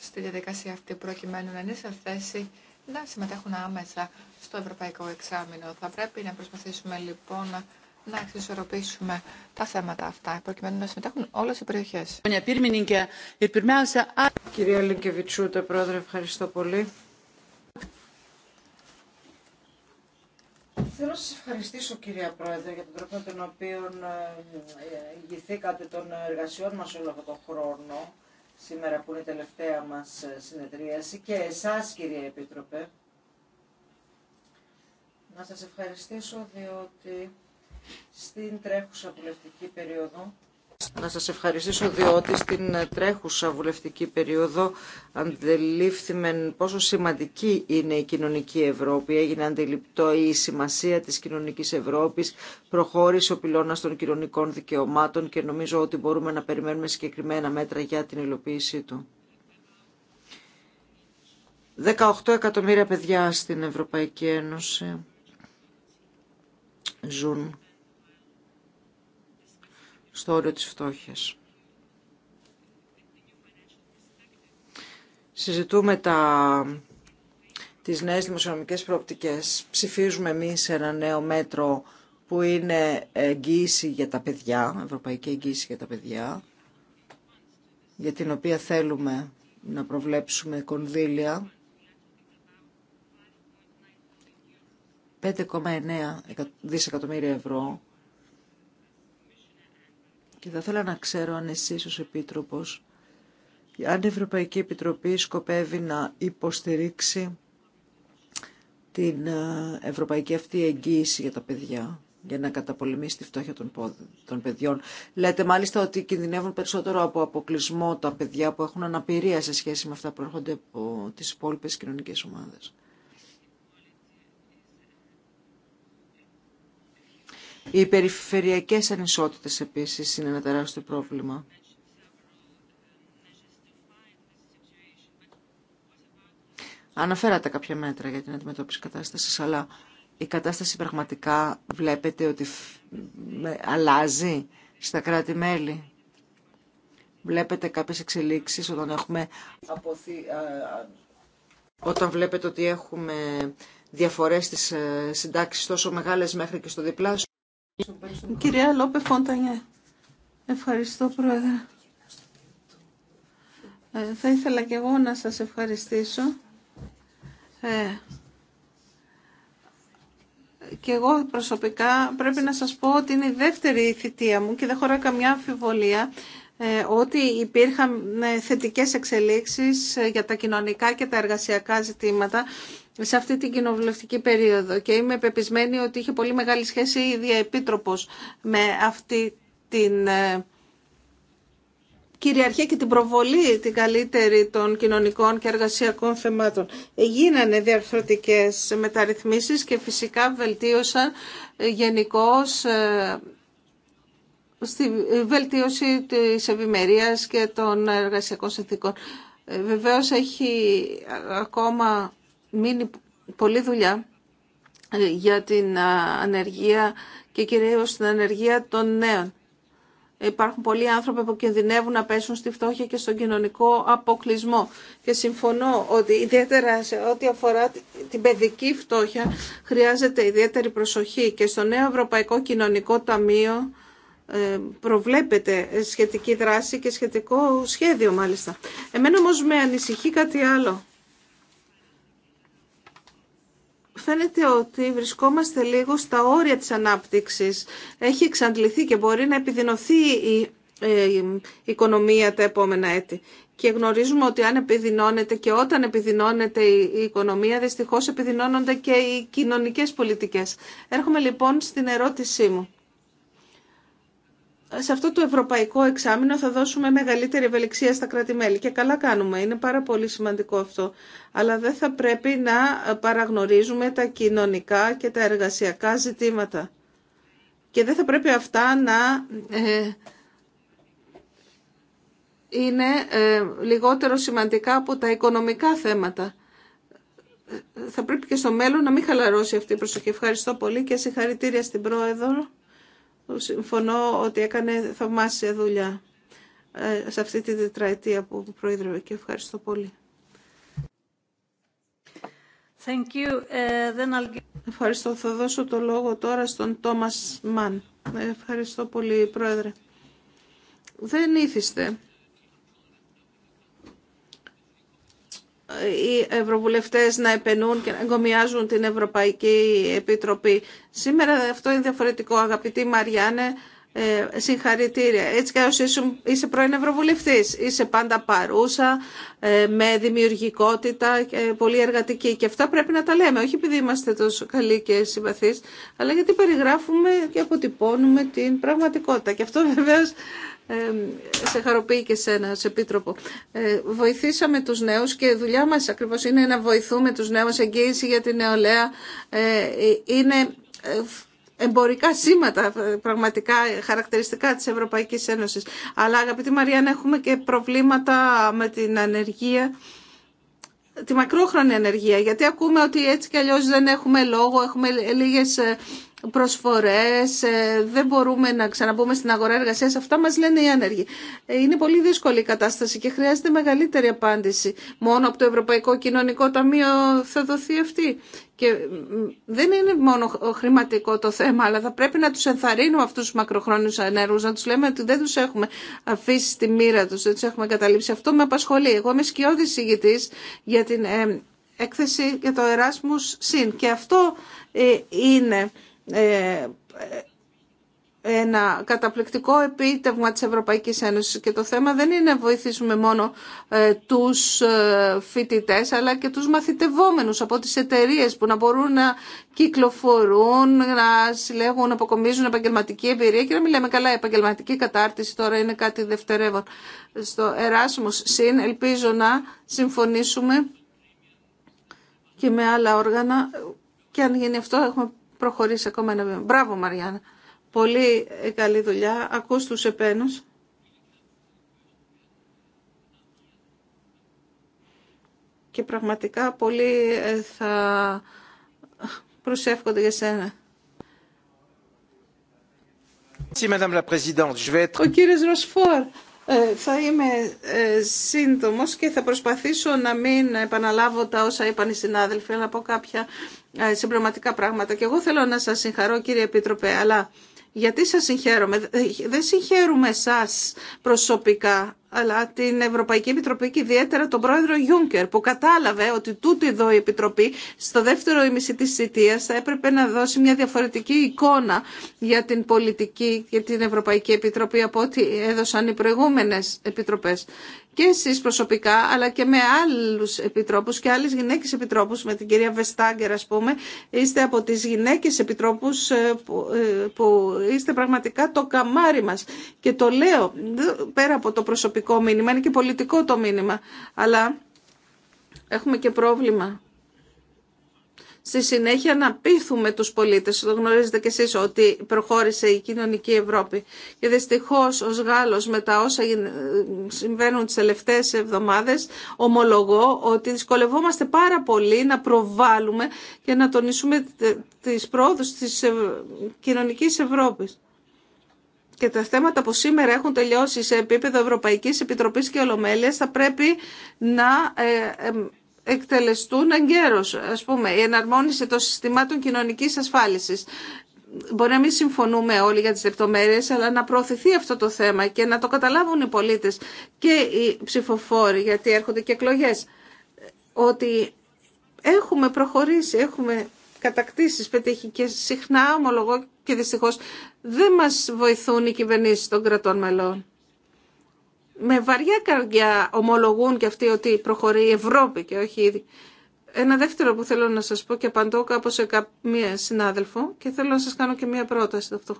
στη διαδικασία αυτή προκειμένου να είναι σε θέση να συμμετέχουν άμεσα στο ευρωπαϊκό εξάμεινο. Θα πρέπει να προσπαθήσουμε λοιπόν να, να εξισορροπήσουμε τα θέματα αυτά, προκειμένου να συμμετέχουν όλε οι περιοχέ. Κυρία το πρόεδρε, ευχαριστώ πολύ. Θέλω να σα ευχαριστήσω κυρία Πρόεδρε για τον τρόπο με τον οποίο ε, ε, ηγηθήκατε των εργασιών μα όλο αυτόν τον χρόνο σήμερα που είναι η τελευταία μας ε, συνεδρίαση και εσάς κύριε Επίτροπε. Να σας ευχαριστήσω διότι στην τρέχουσα βουλευτική περίοδο να σας ευχαριστήσω διότι στην τρέχουσα βουλευτική περίοδο αντιλήφθημε πόσο σημαντική είναι η κοινωνική Ευρώπη. Έγινε αντιληπτό η σημασία της κοινωνικής Ευρώπης, προχώρησε ο πυλώνας των κοινωνικών δικαιωμάτων και νομίζω ότι μπορούμε να περιμένουμε συγκεκριμένα μέτρα για την υλοποίησή του. 18 εκατομμύρια παιδιά στην Ευρωπαϊκή Ένωση ζουν στο όριο της φτώχειας. Συζητούμε τα, τις νέες δημοσιονομικές προοπτικές. Ψηφίζουμε εμείς ένα νέο μέτρο που είναι εγγύηση για τα παιδιά, ευρωπαϊκή εγγύηση για τα παιδιά, για την οποία θέλουμε να προβλέψουμε κονδύλια 5,9 δισεκατομμύρια ευρώ και θα ήθελα να ξέρω αν εσείς ως Επίτροπος, αν η Ευρωπαϊκή Επιτροπή σκοπεύει να υποστηρίξει την ε, ευρωπαϊκή αυτή εγγύηση για τα παιδιά για να καταπολεμήσει τη φτώχεια των, παιδιών. Λέτε μάλιστα ότι κινδυνεύουν περισσότερο από αποκλεισμό τα παιδιά που έχουν αναπηρία σε σχέση με αυτά που έρχονται από τις υπόλοιπε κοινωνικές ομάδες. Οι περιφερειακές ανισότητες επίσης είναι ένα τεράστιο πρόβλημα. Αναφέρατε κάποια μέτρα για την αντιμετώπιση κατάστασης, αλλά η κατάσταση πραγματικά βλέπετε ότι αλλάζει στα κράτη-μέλη. Βλέπετε κάποιες εξελίξεις όταν έχουμε όταν βλέπετε ότι έχουμε διαφορές στις ε, συντάξεις τόσο μεγάλες μέχρι και στο διπλάσιο. Κυρία Λόπε Φόντανιέ, ευχαριστώ Πρόεδρε. Ε, θα ήθελα και εγώ να σας ευχαριστήσω. Ε, και εγώ προσωπικά πρέπει να σας πω ότι είναι η δεύτερη θητεία μου και δεν χωρά καμιά αμφιβολία ε, ότι υπήρχαν ε, θετικές εξελίξεις ε, για τα κοινωνικά και τα εργασιακά ζητήματα σε αυτή την κοινοβουλευτική περίοδο και είμαι πεπισμένη ότι είχε πολύ μεγάλη σχέση η ίδια Επίτροπος με αυτή την ε, κυριαρχία και την προβολή την καλύτερη των κοινωνικών και εργασιακών θεμάτων. Γίνανε διαρθρωτικές μεταρρυθμίσεις και φυσικά βελτίωσαν ε, γενικώ ε, στη βελτίωση της ευημερία και των εργασιακών συνθήκων. Βεβαίως έχει ακόμα μείνει πολλή δουλειά ε, για την ανεργία και κυρίως την ανεργία των νέων. Υπάρχουν πολλοί άνθρωποι που κινδυνεύουν να πέσουν στη φτώχεια και στον κοινωνικό αποκλεισμό. Και συμφωνώ ότι ιδιαίτερα σε ό,τι αφορά την παιδική φτώχεια χρειάζεται ιδιαίτερη προσοχή και στο νέο Ευρωπαϊκό Κοινωνικό Ταμείο ε, προβλέπεται σχετική δράση και σχετικό σχέδιο μάλιστα. Εμένα όμως με ανησυχεί κάτι άλλο. φαίνεται ότι βρισκόμαστε λίγο στα όρια της ανάπτυξης. Έχει εξαντληθεί και μπορεί να επιδεινωθεί η ε, οικονομία τα επόμενα έτη. Και γνωρίζουμε ότι αν επιδεινώνεται και όταν επιδεινώνεται η οικονομία, δυστυχώς επιδεινώνονται και οι κοινωνικές πολιτικές. Έρχομαι λοιπόν στην ερώτησή μου σε αυτό το ευρωπαϊκό εξάμεινο θα δώσουμε μεγαλύτερη ευελιξία στα κράτη-μέλη. Και καλά κάνουμε, είναι πάρα πολύ σημαντικό αυτό. Αλλά δεν θα πρέπει να παραγνωρίζουμε τα κοινωνικά και τα εργασιακά ζητήματα. Και δεν θα πρέπει αυτά να ε, είναι ε, λιγότερο σημαντικά από τα οικονομικά θέματα. Θα πρέπει και στο μέλλον να μην χαλαρώσει αυτή η προσοχή. Ευχαριστώ πολύ και συγχαρητήρια στην Πρόεδρο συμφωνώ ότι έκανε θαυμάσια δουλειά ε, σε αυτή τη τετραετία που προείδρευε και ευχαριστώ πολύ. Thank you. Ε, ευχαριστώ. Θα δώσω το λόγο τώρα στον Τόμας Μαν. Ε, ευχαριστώ πολύ, Πρόεδρε. Δεν ήθιστε οι ευρωβουλευτές να επενούν και να εγκομιάζουν την Ευρωπαϊκή Επιτροπή. Σήμερα αυτό είναι διαφορετικό. Αγαπητή Μαριάνε, ε, συγχαρητήρια. Έτσι και όσοι είσαι πρώην Ευρωβουλευτής. Είσαι πάντα παρούσα, ε, με δημιουργικότητα, πολύ εργατική. Και αυτά πρέπει να τα λέμε, όχι επειδή είμαστε τόσο καλοί και συμπαθείς, αλλά γιατί περιγράφουμε και αποτυπώνουμε την πραγματικότητα. Και αυτό βεβαίως σε χαροποιεί και σένα, σε επίτροπο. Ε, βοηθήσαμε τους νέους και η δουλειά μας ακριβώς είναι να βοηθούμε τους νέους, εγγύηση για την νεολαία. Ε, είναι ε, εμπορικά σήματα, ε, πραγματικά χαρακτηριστικά της Ευρωπαϊκής Ένωσης. Αλλά αγαπητή Μαριάννα, έχουμε και προβλήματα με την ανεργία τη μακρόχρονη ανεργία, γιατί ακούμε ότι έτσι κι αλλιώς δεν έχουμε λόγο, έχουμε λίγες ε, προσφορέ, ε, δεν μπορούμε να ξαναμπούμε στην αγορά εργασία. Αυτά μα λένε οι άνεργοι. Ε, είναι πολύ δύσκολη η κατάσταση και χρειάζεται μεγαλύτερη απάντηση. Μόνο από το Ευρωπαϊκό Κοινωνικό Ταμείο θα δοθεί αυτή. Και δεν είναι μόνο χρηματικό το θέμα, αλλά θα πρέπει να του ενθαρρύνουμε αυτού του μακροχρόνιου ανέργου, να του λέμε ότι δεν του έχουμε αφήσει στη μοίρα του, δεν του έχουμε καταλήψει. Αυτό με απασχολεί. Εγώ είμαι σκιώδη ηγητή για την ε, έκθεση για το Erasmus Συν και αυτό είναι ε, ε, ένα καταπληκτικό επίτευγμα της Ευρωπαϊκής Ένωσης και το θέμα δεν είναι να βοηθήσουμε μόνο ε, τους φοιτητές αλλά και τους μαθητευόμενους από τις εταιρείε που να μπορούν να κυκλοφορούν, να συλλέγουν, να αποκομίζουν επαγγελματική εμπειρία και να μιλάμε καλά, η επαγγελματική κατάρτιση τώρα είναι κάτι δευτερεύον. Στο Εράσμος ΣΥΝ ελπίζω να συμφωνήσουμε και με άλλα όργανα και αν γίνει αυτό έχουμε προχωρήσει ακόμα ένα βήμα. Μπράβο Μαριάννα. Πολύ καλή δουλειά. Ακούς τους επένους. Και πραγματικά πολύ ε, θα προσεύχονται για σένα. Ο κύριος Ροσφόρ, ε, θα είμαι ε, σύντομος και θα προσπαθήσω να μην επαναλάβω τα όσα είπαν οι συνάδελφοι, αλλά να πω κάποια ε, συμπληρωματικά πράγματα. Και εγώ θέλω να σας συγχαρώ κύριε Επίτροπε, αλλά γιατί σας συγχαίρομαι. Δεν συγχαίρουμε εσάς προσωπικά, αλλά την Ευρωπαϊκή Επιτροπή και ιδιαίτερα τον πρόεδρο Γιούνκερ, που κατάλαβε ότι τούτη εδώ η Επιτροπή στο δεύτερο ημισή της θητείας θα έπρεπε να δώσει μια διαφορετική εικόνα για την πολιτική και την Ευρωπαϊκή Επιτροπή από ό,τι έδωσαν οι προηγούμενες επιτροπές και εσείς προσωπικά αλλά και με άλλους επιτρόπους και άλλες γυναίκες επιτρόπους με την κυρία Βεστάγκερ ας πούμε είστε από τις γυναίκες επιτρόπους ε, που, ε, που είστε πραγματικά το καμάρι μας και το λέω πέρα από το προσωπικό μήνυμα είναι και πολιτικό το μήνυμα αλλά έχουμε και πρόβλημα στη συνέχεια να πείθουμε τους πολίτες. Το γνωρίζετε κι εσείς ότι προχώρησε η κοινωνική Ευρώπη. Και δυστυχώς ως Γάλλος με τα όσα συμβαίνουν τις τελευταίες εβδομάδες ομολογώ ότι δυσκολευόμαστε πάρα πολύ να προβάλλουμε και να τονίσουμε τις πρόοδους της κοινωνικής Ευρώπης. Και τα θέματα που σήμερα έχουν τελειώσει σε επίπεδο Ευρωπαϊκής Επιτροπής και Ολομέλειας θα πρέπει να ε, ε, εκτελεστούν εγκαίρως, ας πούμε, η εναρμόνιση των συστημάτων κοινωνικής ασφάλισης. Μπορεί να μην συμφωνούμε όλοι για τις λεπτομέρειες, αλλά να προωθηθεί αυτό το θέμα και να το καταλάβουν οι πολίτες και οι ψηφοφόροι, γιατί έρχονται και εκλογέ, ότι έχουμε προχωρήσει, έχουμε κατακτήσεις πετύχει και συχνά ομολογώ και δυστυχώς δεν μας βοηθούν οι κυβερνήσεις των κρατών μελών με βαριά καρδιά ομολογούν και αυτοί ότι προχωρεί η Ευρώπη και όχι ήδη. Ένα δεύτερο που θέλω να σας πω και απαντώ κάπως σε μία συνάδελφο και θέλω να σας κάνω και μία πρόταση αυτό.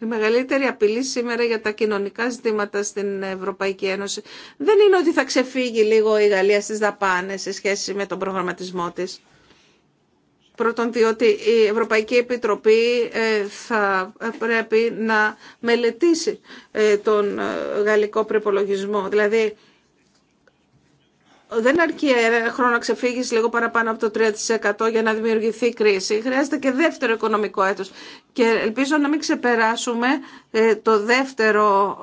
Η μεγαλύτερη απειλή σήμερα για τα κοινωνικά ζητήματα στην Ευρωπαϊκή Ένωση δεν είναι ότι θα ξεφύγει λίγο η Γαλλία στις δαπάνες σε σχέση με τον προγραμματισμό της. Πρώτον, διότι η Ευρωπαϊκή Επιτροπή ε, θα πρέπει να μελετήσει ε, τον ε, γαλλικό προπολογισμό. Δηλαδή, δεν αρκεί ένα χρόνο να ξεφύγει λίγο παραπάνω από το 3% για να δημιουργηθεί κρίση. Χρειάζεται και δεύτερο οικονομικό έτος. Και ελπίζω να μην ξεπεράσουμε το δεύτερο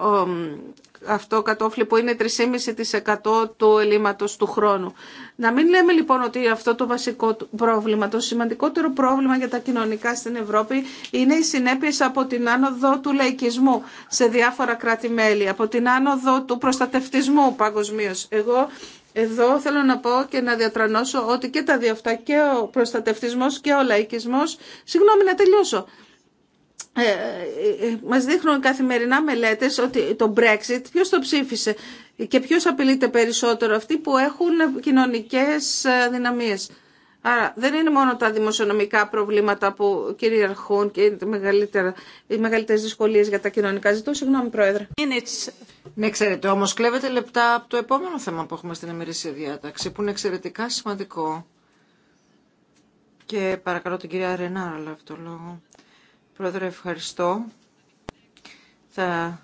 αυτό κατόφλι που είναι 3,5% του ελλείμματος του χρόνου. Να μην λέμε λοιπόν ότι αυτό το βασικό πρόβλημα, το σημαντικότερο πρόβλημα για τα κοινωνικά στην Ευρώπη είναι οι συνέπειες από την άνοδο του λαϊκισμού σε διάφορα κράτη-μέλη, από την άνοδο του προστατευτισμού παγκοσμίω. Εγώ εδώ θέλω να πω και να διατρανώσω ότι και τα δύο αυτά, και ο προστατευτισμός και ο λαϊκισμός, συγγνώμη να τελειώσω, ε, ε, ε, μας δείχνουν καθημερινά μελέτες ότι το Brexit ποιος το ψήφισε και ποιος απειλείται περισσότερο αυτοί που έχουν κοινωνικές ε, δυναμίες. Άρα δεν είναι μόνο τα δημοσιονομικά προβλήματα που κυριαρχούν και είναι οι μεγαλύτερες δυσκολίες για τα κοινωνικά. Ζητώ συγγνώμη Πρόεδρε. Ναι ξέρετε όμως κλέβετε λεπτά από το επόμενο θέμα που έχουμε στην ημερήσια διάταξη που είναι εξαιρετικά σημαντικό. Και παρακαλώ την κυρία Ρενάρα αυτό το λόγο. Πρόεδρε, ευχαριστώ. Θα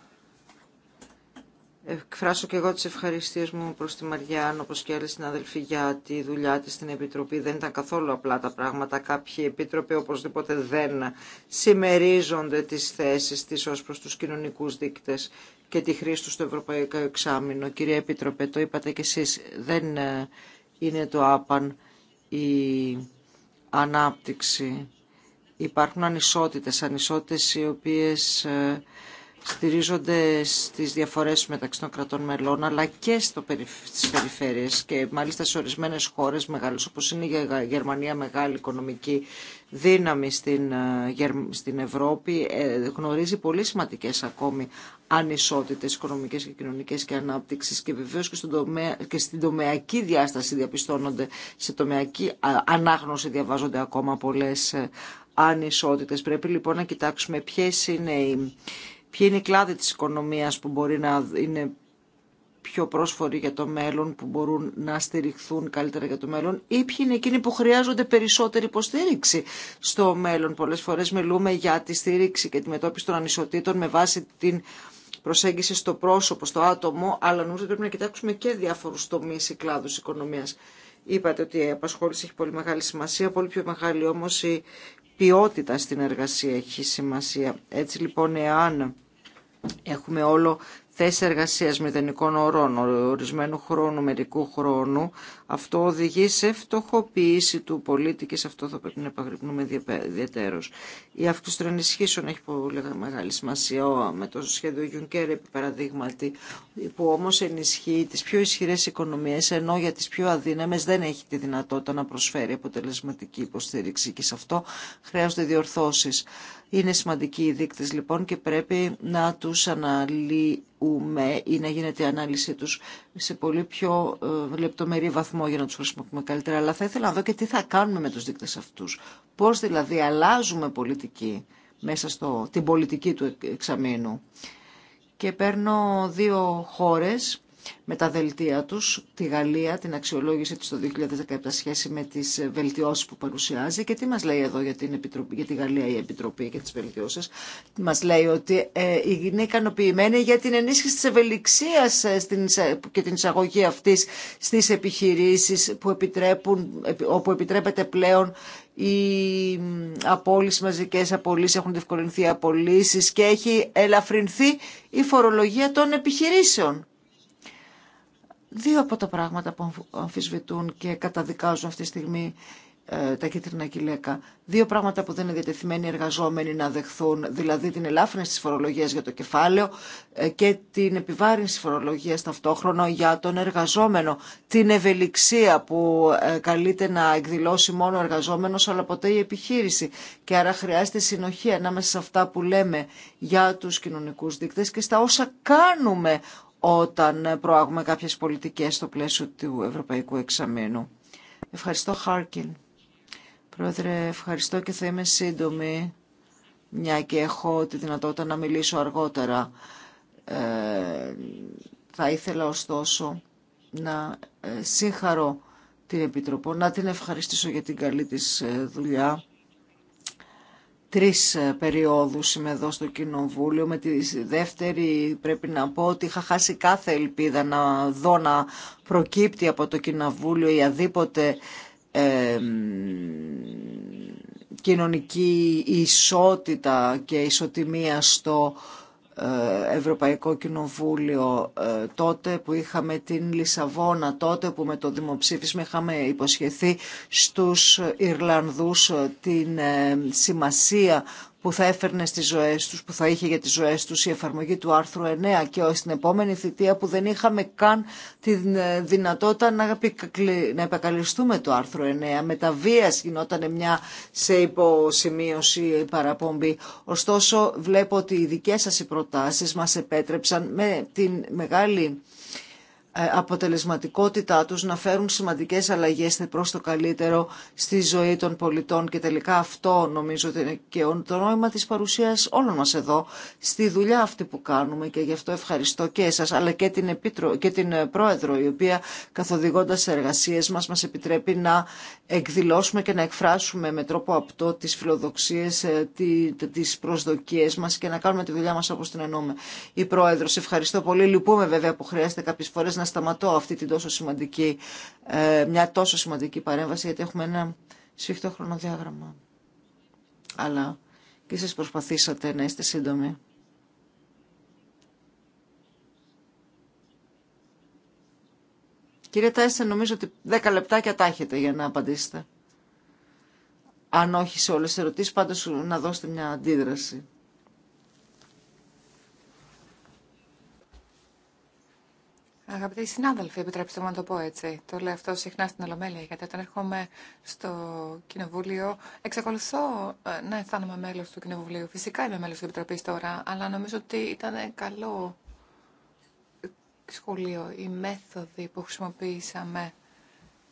εκφράσω και εγώ τις ευχαριστίες μου προς τη Μαριάν, όπως και άλλοι συναδελφοί, για τη δουλειά της στην Επιτροπή. Δεν ήταν καθόλου απλά τα πράγματα. Κάποιοι επίτροποι οπωσδήποτε δεν συμμερίζονται τις θέσεις της ως προς τους κοινωνικούς δείκτες και τη χρήση του στο Ευρωπαϊκό Εξάμεινο. Κύριε Επίτροπε, το είπατε κι εσείς, δεν είναι το άπαν η ανάπτυξη υπάρχουν ανισότητες, ανισότητες οι οποίες ε, στηρίζονται στις διαφορές μεταξύ των κρατών μελών αλλά και στο στις περιφέρειες και μάλιστα σε ορισμένες χώρες μεγάλες όπως είναι η Γερμανία μεγάλη οικονομική δύναμη στην, ε, στην Ευρώπη ε, γνωρίζει πολύ σημαντικές ακόμη ανισότητες οικονομικές και κοινωνικές και ανάπτυξης και βεβαίως και, στον τομέα, και στην τομεακή διάσταση διαπιστώνονται σε τομεακή ανάγνωση διαβάζονται ακόμα πολλές ανισότητες. Πρέπει λοιπόν να κοιτάξουμε ποιες είναι οι, ποιοι είναι οι κλάδοι της οικονομίας που μπορεί να είναι πιο πρόσφοροι για το μέλλον, που μπορούν να στηριχθούν καλύτερα για το μέλλον ή ποιοι είναι εκείνοι που χρειάζονται περισσότερη υποστήριξη στο μέλλον. Πολλές φορές μιλούμε για τη στήριξη και τη μετώπιση των ανισοτήτων με βάση την προσέγγιση στο πρόσωπο, στο άτομο, αλλά νομίζω πρέπει να κοιτάξουμε και διάφορους τομείς ή κλάδους οικονομίας. Είπατε ότι η απασχόληση έχει πολύ μεγάλη σημασία, πολύ πιο μεγάλη όμως η ποιότητα στην εργασία έχει σημασία. Έτσι λοιπόν εάν έχουμε όλο θέσεις εργασίας μηδενικών ορών, ορισμένου χρόνου, μερικού χρόνου, αυτό οδηγεί σε φτωχοποίηση του πολίτη και σε αυτό θα πρέπει να επαγρυπνούμε ιδιαίτερω. Η αύξηση των ενισχύσεων έχει πολύ μεγάλη σημασία με το σχέδιο Juncker, επί παραδείγματι, που όμω ενισχύει τι πιο ισχυρέ οικονομίε, ενώ για τι πιο αδύναμες δεν έχει τη δυνατότητα να προσφέρει αποτελεσματική υποστήριξη και σε αυτό χρειάζονται διορθώσει. Είναι σημαντικοί οι δείκτες λοιπόν και πρέπει να τους αναλύουμε ή να γίνεται η ανάλυση τους σε πολύ πιο ε, λεπτομερή βαθμό για να τους χρησιμοποιούμε καλύτερα. Αλλά θα ήθελα να δω και τι θα κάνουμε με τους δείκτες αυτούς. Πώς δηλαδή αλλάζουμε πολιτική μέσα στο, την πολιτική του εξαμήνου. Και παίρνω δύο χώρες με τα δελτία τους, τη Γαλλία, την αξιολόγηση της το 2017 σχέση με τις βελτιώσεις που παρουσιάζει και τι μας λέει εδώ για, την Επιτροπή, για τη Γαλλία η Επιτροπή και τις βελτιώσεις. Μας λέει ότι ε, είναι ικανοποιημένη για την ενίσχυση της ευελιξίας ε, στην, και την εισαγωγή αυτής στις επιχειρήσεις που επιτρέπουν, όπου επιτρέπεται πλέον οι απόλυσεις, μαζικές απολύσεις, έχουν διευκολυνθεί οι απολύσεις και έχει ελαφρυνθεί η φορολογία των επιχειρήσεων. Δύο από τα πράγματα που αμφισβητούν και καταδικάζουν αυτή τη στιγμή ε, τα κίτρινα κυλέκα. Δύο πράγματα που δεν είναι διατεθειμένοι οι εργαζόμενοι να δεχθούν, δηλαδή την ελάφρυνση τη φορολογία για το κεφάλαιο ε, και την επιβάρυνση φορολογία ταυτόχρονα για τον εργαζόμενο. Την ευελιξία που ε, καλείται να εκδηλώσει μόνο ο εργαζόμενος αλλά ποτέ η επιχείρηση. Και άρα χρειάζεται συνοχή ανάμεσα σε αυτά που λέμε για του κοινωνικού δείκτε και στα όσα κάνουμε όταν προάγουμε κάποιες πολιτικές στο πλαίσιο του Ευρωπαϊκού Εξαμήνου. Ευχαριστώ, Χάρκιν. Πρόεδρε, ευχαριστώ και θα είμαι σύντομη, μια και έχω τη δυνατότητα να μιλήσω αργότερα. Ε, θα ήθελα ωστόσο να ε, σύγχαρω την Επιτροπό, να την ευχαριστήσω για την καλή της ε, δουλειά τρεις ε, περιόδους είμαι εδώ στο Κοινοβούλιο. Με τη δεύτερη πρέπει να πω ότι είχα χάσει κάθε ελπίδα να δω να προκύπτει από το Κοινοβούλιο η αδίποτε κοινωνική ισότητα και ισοτιμία στο ε, Ευρωπαϊκό Κοινοβούλιο ε, τότε που είχαμε την Λισαβόνα τότε που με το δημοψήφισμα είχαμε υποσχεθεί στους Ιρλανδούς ε, την σημασία που θα έφερνε στις ζωές τους, που θα είχε για τις ζωές τους η εφαρμογή του άρθρου 9 και στην επόμενη θητεία που δεν είχαμε καν τη δυνατότητα να, να επακαλυστούμε το άρθρο 9. Με τα βίας γινόταν μια σε υποσημείωση η παραπομπή. Ωστόσο βλέπω ότι οι δικές σας οι προτάσεις μας επέτρεψαν με την μεγάλη ε, αποτελεσματικότητά τους να φέρουν σημαντικές αλλαγές προς το καλύτερο στη ζωή των πολιτών και τελικά αυτό νομίζω ότι είναι και το νόημα της παρουσίας όλων μας εδώ στη δουλειά αυτή που κάνουμε και γι' αυτό ευχαριστώ και εσάς αλλά και την, Επίτρο, και την ε, Πρόεδρο η οποία καθοδηγώντας τι εργασίες μας μας επιτρέπει να εκδηλώσουμε και να εκφράσουμε με τρόπο απτό τις φιλοδοξίες, ε, τις προσδοκίες μας και να κάνουμε τη δουλειά μας όπως την εννοούμε. Η Πρόεδρος, ευχαριστώ πολύ. Λυπούμε βέβαια που χρειάζεται κάποιες φορές να σταματώ αυτή την τόσο σημαντική, ε, μια τόσο σημαντική παρέμβαση γιατί έχουμε ένα σφιχτό χρονοδιάγραμμα. Αλλά και εσείς προσπαθήσατε να είστε σύντομοι. Κύριε Τέσσερ, νομίζω ότι 10 λεπτάκια τα έχετε για να απαντήσετε. Αν όχι σε όλες τις ερωτήσεις, πάντως να δώσετε μια αντίδραση. Αγαπητοί συνάδελφοι, επιτρέψτε μου να το πω έτσι. Το λέω αυτό συχνά στην Ολομέλεια, γιατί όταν έρχομαι στο Κοινοβούλιο, εξακολουθώ ε, να αισθάνομαι μέλο του Κοινοβουλίου. Φυσικά είμαι μέλο τη Επιτροπή τώρα, αλλά νομίζω ότι ήταν καλό σχολείο η μέθοδοι που χρησιμοποίησαμε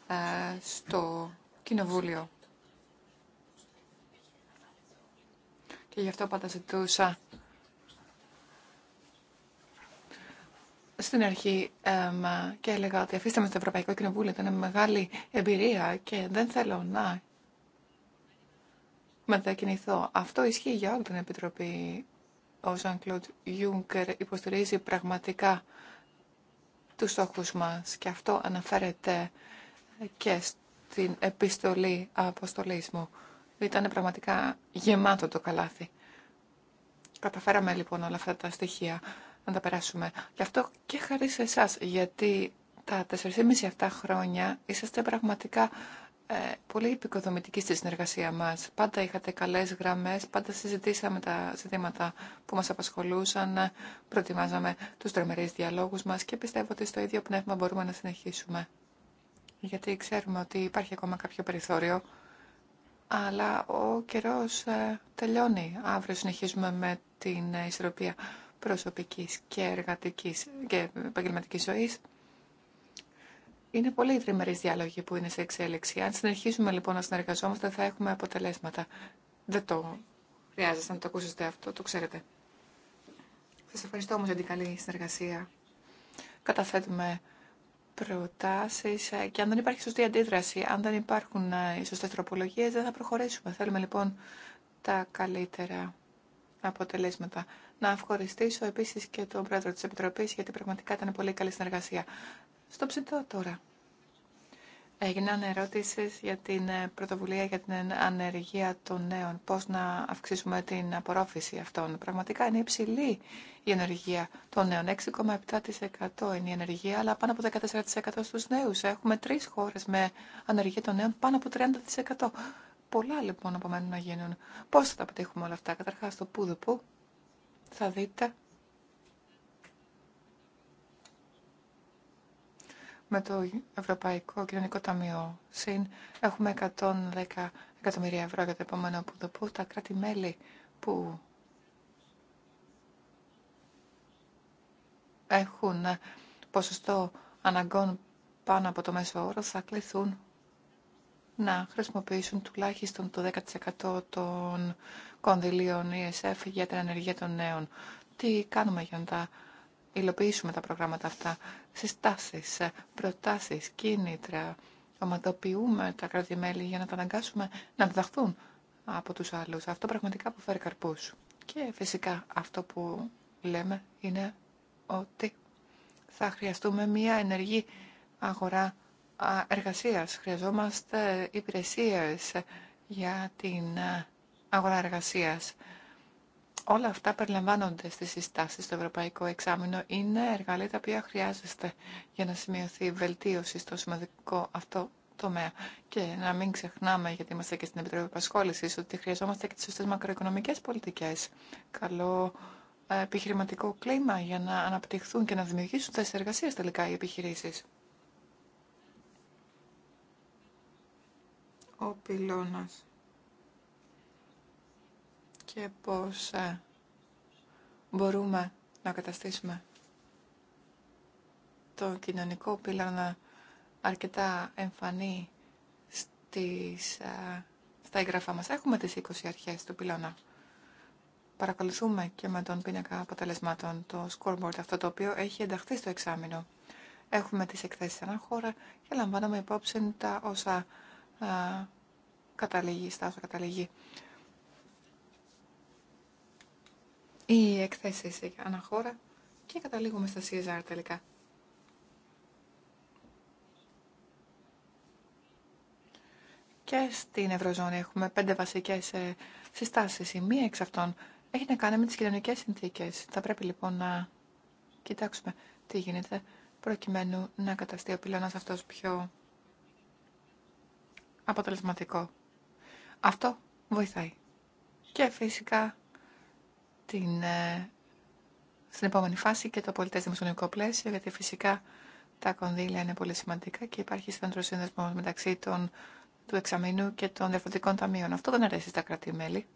ε, στο Κοινοβούλιο. Και γι' αυτό πάντα ζητούσα στην αρχή και έλεγα ότι αφήστε με στο Ευρωπαϊκό Κοινοβούλιο, ήταν μεγάλη εμπειρία και δεν θέλω να μετακινηθώ. Αυτό ισχύει για όλη την Επιτροπή. Ο Ζαν Ιούγκερ υποστηρίζει πραγματικά τους στόχους μας και αυτό αναφέρεται και στην επιστολή αποστολής μου. Ήταν πραγματικά γεμάτο το καλάθι. Καταφέραμε λοιπόν όλα αυτά τα στοιχεία να τα περάσουμε. Γι' αυτό και χαρί σε εσά, γιατί τα 4,5 αυτά χρόνια είσαστε πραγματικά ε, πολύ επικοδομητικοί στη συνεργασία μα. Πάντα είχατε καλέ γραμμέ, πάντα συζητήσαμε τα ζητήματα που μα απασχολούσαν, προετοιμάζαμε του τρομερεί διαλόγου μα και πιστεύω ότι στο ίδιο πνεύμα μπορούμε να συνεχίσουμε. Γιατί ξέρουμε ότι υπάρχει ακόμα κάποιο περιθώριο, αλλά ο καιρός ε, τελειώνει. Αύριο συνεχίζουμε με την ε, ισορροπία προσωπικής και εργατικής και επαγγελματικής ζωής. Είναι πολύ τριμερεί διάλογοι που είναι σε εξέλιξη. Αν συνεχίσουμε λοιπόν να συνεργαζόμαστε θα έχουμε αποτελέσματα. Δεν το χρειάζεται να το ακούσετε αυτό, το ξέρετε. Σα ευχαριστώ όμως για την καλή συνεργασία. Καταθέτουμε προτάσεις ε, και αν δεν υπάρχει σωστή αντίδραση, αν δεν υπάρχουν ε, οι σωστές τροπολογίες, δεν θα προχωρήσουμε. Θέλουμε λοιπόν τα καλύτερα αποτελέσματα. Να ευχαριστήσω επίση και τον πρόεδρο τη Επιτροπή, γιατί πραγματικά ήταν πολύ καλή συνεργασία. Στο ψητό τώρα. Έγιναν ερώτηση για την ε, πρωτοβουλία για την ανεργία των νέων. Πώ να αυξήσουμε την απορρόφηση αυτών. Πραγματικά είναι υψηλή η ανεργία των νέων. 6,7% είναι η ανεργία, αλλά πάνω από 14% στους νέου. Έχουμε τρει χώρε με ανεργία των νέων πάνω από 30%. Πολλά λοιπόν απομένουν να γίνουν. Πώς θα τα πετύχουμε όλα αυτά. Καταρχάς το πού, πού θα δείτε με το Ευρωπαϊκό Κοινωνικό Ταμείο ΣΥΝ έχουμε 110 εκατομμύρια ευρώ για το επόμενο που τα κράτη-μέλη που έχουν ποσοστό αναγκών πάνω από το μέσο όρο θα κληθούν να χρησιμοποιήσουν τουλάχιστον το 10% των κονδυλίων ESF για την ανεργία των νέων. Τι κάνουμε για να τα υλοποιήσουμε τα προγράμματα αυτά. Συστάσεις, προτάσεις, κίνητρα. Ομαδοποιούμε τα κράτη-μέλη για να τα αναγκάσουμε να διδαχθούν από τους άλλους. Αυτό πραγματικά που φέρει καρπούς. Και φυσικά αυτό που λέμε είναι ότι θα χρειαστούμε μια ενεργή αγορά εργασίας. Χρειαζόμαστε υπηρεσίες για την αγορά εργασία. Όλα αυτά περιλαμβάνονται στι συστάσει στο Ευρωπαϊκό Εξάμεινο. Είναι εργαλεία τα οποία χρειάζεστε για να σημειωθεί βελτίωση στο σημαντικό αυτό τομέα. Και να μην ξεχνάμε, γιατί είμαστε και στην Επιτροπή Επασχόληση, ότι χρειαζόμαστε και τι σωστέ μακροοικονομικέ πολιτικέ. Καλό ε, επιχειρηματικό κλίμα για να αναπτυχθούν και να δημιουργήσουν θέσει εργασία τελικά οι επιχειρήσει. Ο πυλώνας και πώς ε, μπορούμε να καταστήσουμε το κοινωνικό πύλωνα αρκετά εμφανή στις, ε, στα έγγραφά μας. Έχουμε τις 20 αρχές του πυλώνα. Παρακολουθούμε και με τον πίνακα αποτελεσμάτων το scoreboard αυτό το οποίο έχει ενταχθεί στο εξάμεινο. Έχουμε τις εκθέσεις ανά χώρο και λαμβάνουμε υπόψη τα όσα ε, καταλήγει, στα όσα καταλήγει οι εκθέσεις αναχώρα και καταλήγουμε στα CSR τελικά. Και στην Ευρωζώνη έχουμε πέντε βασικές ε, συστάσεις. Η μία εξ αυτών έχει να κάνει με τις κοινωνικές συνθήκες. Θα πρέπει λοιπόν να κοιτάξουμε τι γίνεται προκειμένου να καταστεί ο πυλώνας αυτός πιο αποτελεσματικό. Αυτό βοηθάει. Και φυσικά την, ε, στην επόμενη φάση και το πολιτές δημοσιονομικό πλαίσιο, γιατί φυσικά τα κονδύλια είναι πολύ σημαντικά και υπάρχει στέντρο σύνδεσμο μεταξύ των, του εξαμήνου και των διαφορετικών ταμείων. Αυτό δεν αρέσει στα κρατη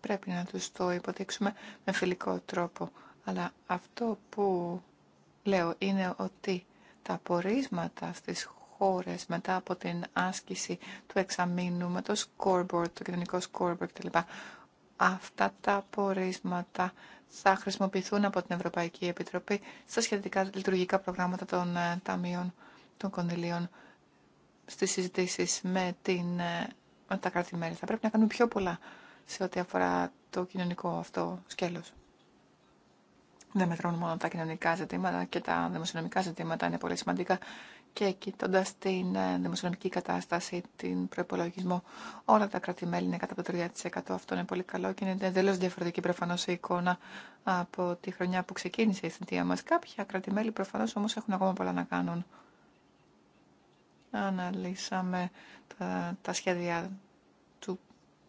Πρέπει να τους το υποδείξουμε με φιλικό τρόπο. Αλλά αυτό που λέω είναι ότι τα πορίσματα στις χώρες μετά από την άσκηση του εξαμήνου με το scoreboard, το κοινωνικό scoreboard κλπ αυτά τα πορίσματα θα χρησιμοποιηθούν από την Ευρωπαϊκή Επιτροπή στα σχετικά λειτουργικά προγράμματα των ε, ταμείων των κονδυλίων στις συζητήσεις με, την, ε, με τα κρατημέρια. Θα πρέπει να κάνουμε πιο πολλά σε ό,τι αφορά το κοινωνικό αυτό σκέλος. Δεν μετρώνουν μόνο τα κοινωνικά ζητήματα και τα δημοσιονομικά ζητήματα είναι πολύ σημαντικά και κοιτώντα την ε, δημοσιονομική κατάσταση, την προπολογισμό, όλα τα κρατημέλη είναι κατά το 3%. Αυτό είναι πολύ καλό και είναι εντελώ διαφορετική προφανώ η εικόνα από τη χρονιά που ξεκίνησε η θητεία μα. καποια κρατημέλη, προφανώ όμω έχουν ακόμα πολλά να κάνουν. Αναλύσαμε τα, τα σχέδια του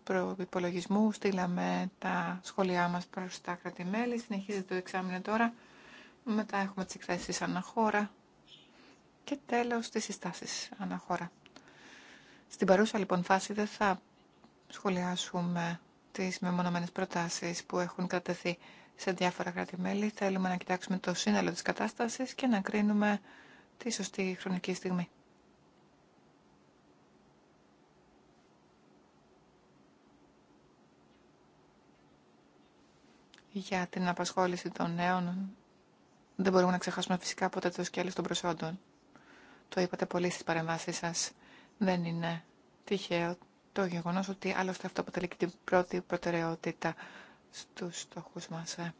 προπολογισμού, στείλαμε τα σχόλιά μα προ τα κρατημέλη, Συνεχίζεται το εξάμεινο τώρα. Μετά έχουμε τι εκθέσει αναχώρα. χώρα και τέλος τις συστάσεις αναχώρα. Στην παρούσα λοιπόν φάση δεν θα σχολιάσουμε τις μεμονωμένες προτάσεις που έχουν κρατεθεί σε διάφορα κράτη-μέλη. Θέλουμε να κοιτάξουμε το σύνολο της κατάστασης και να κρίνουμε τη σωστή χρονική στιγμή. Για την απασχόληση των νέων δεν μπορούμε να ξεχάσουμε φυσικά ποτέ το σκέλος των προσόντων. Το είπατε πολύ στις παρεμβάσεις σας. Δεν είναι τυχαίο το γεγονός ότι άλλωστε αυτό αποτελεί και την πρώτη προτεραιότητα στους στόχους μας. Ε,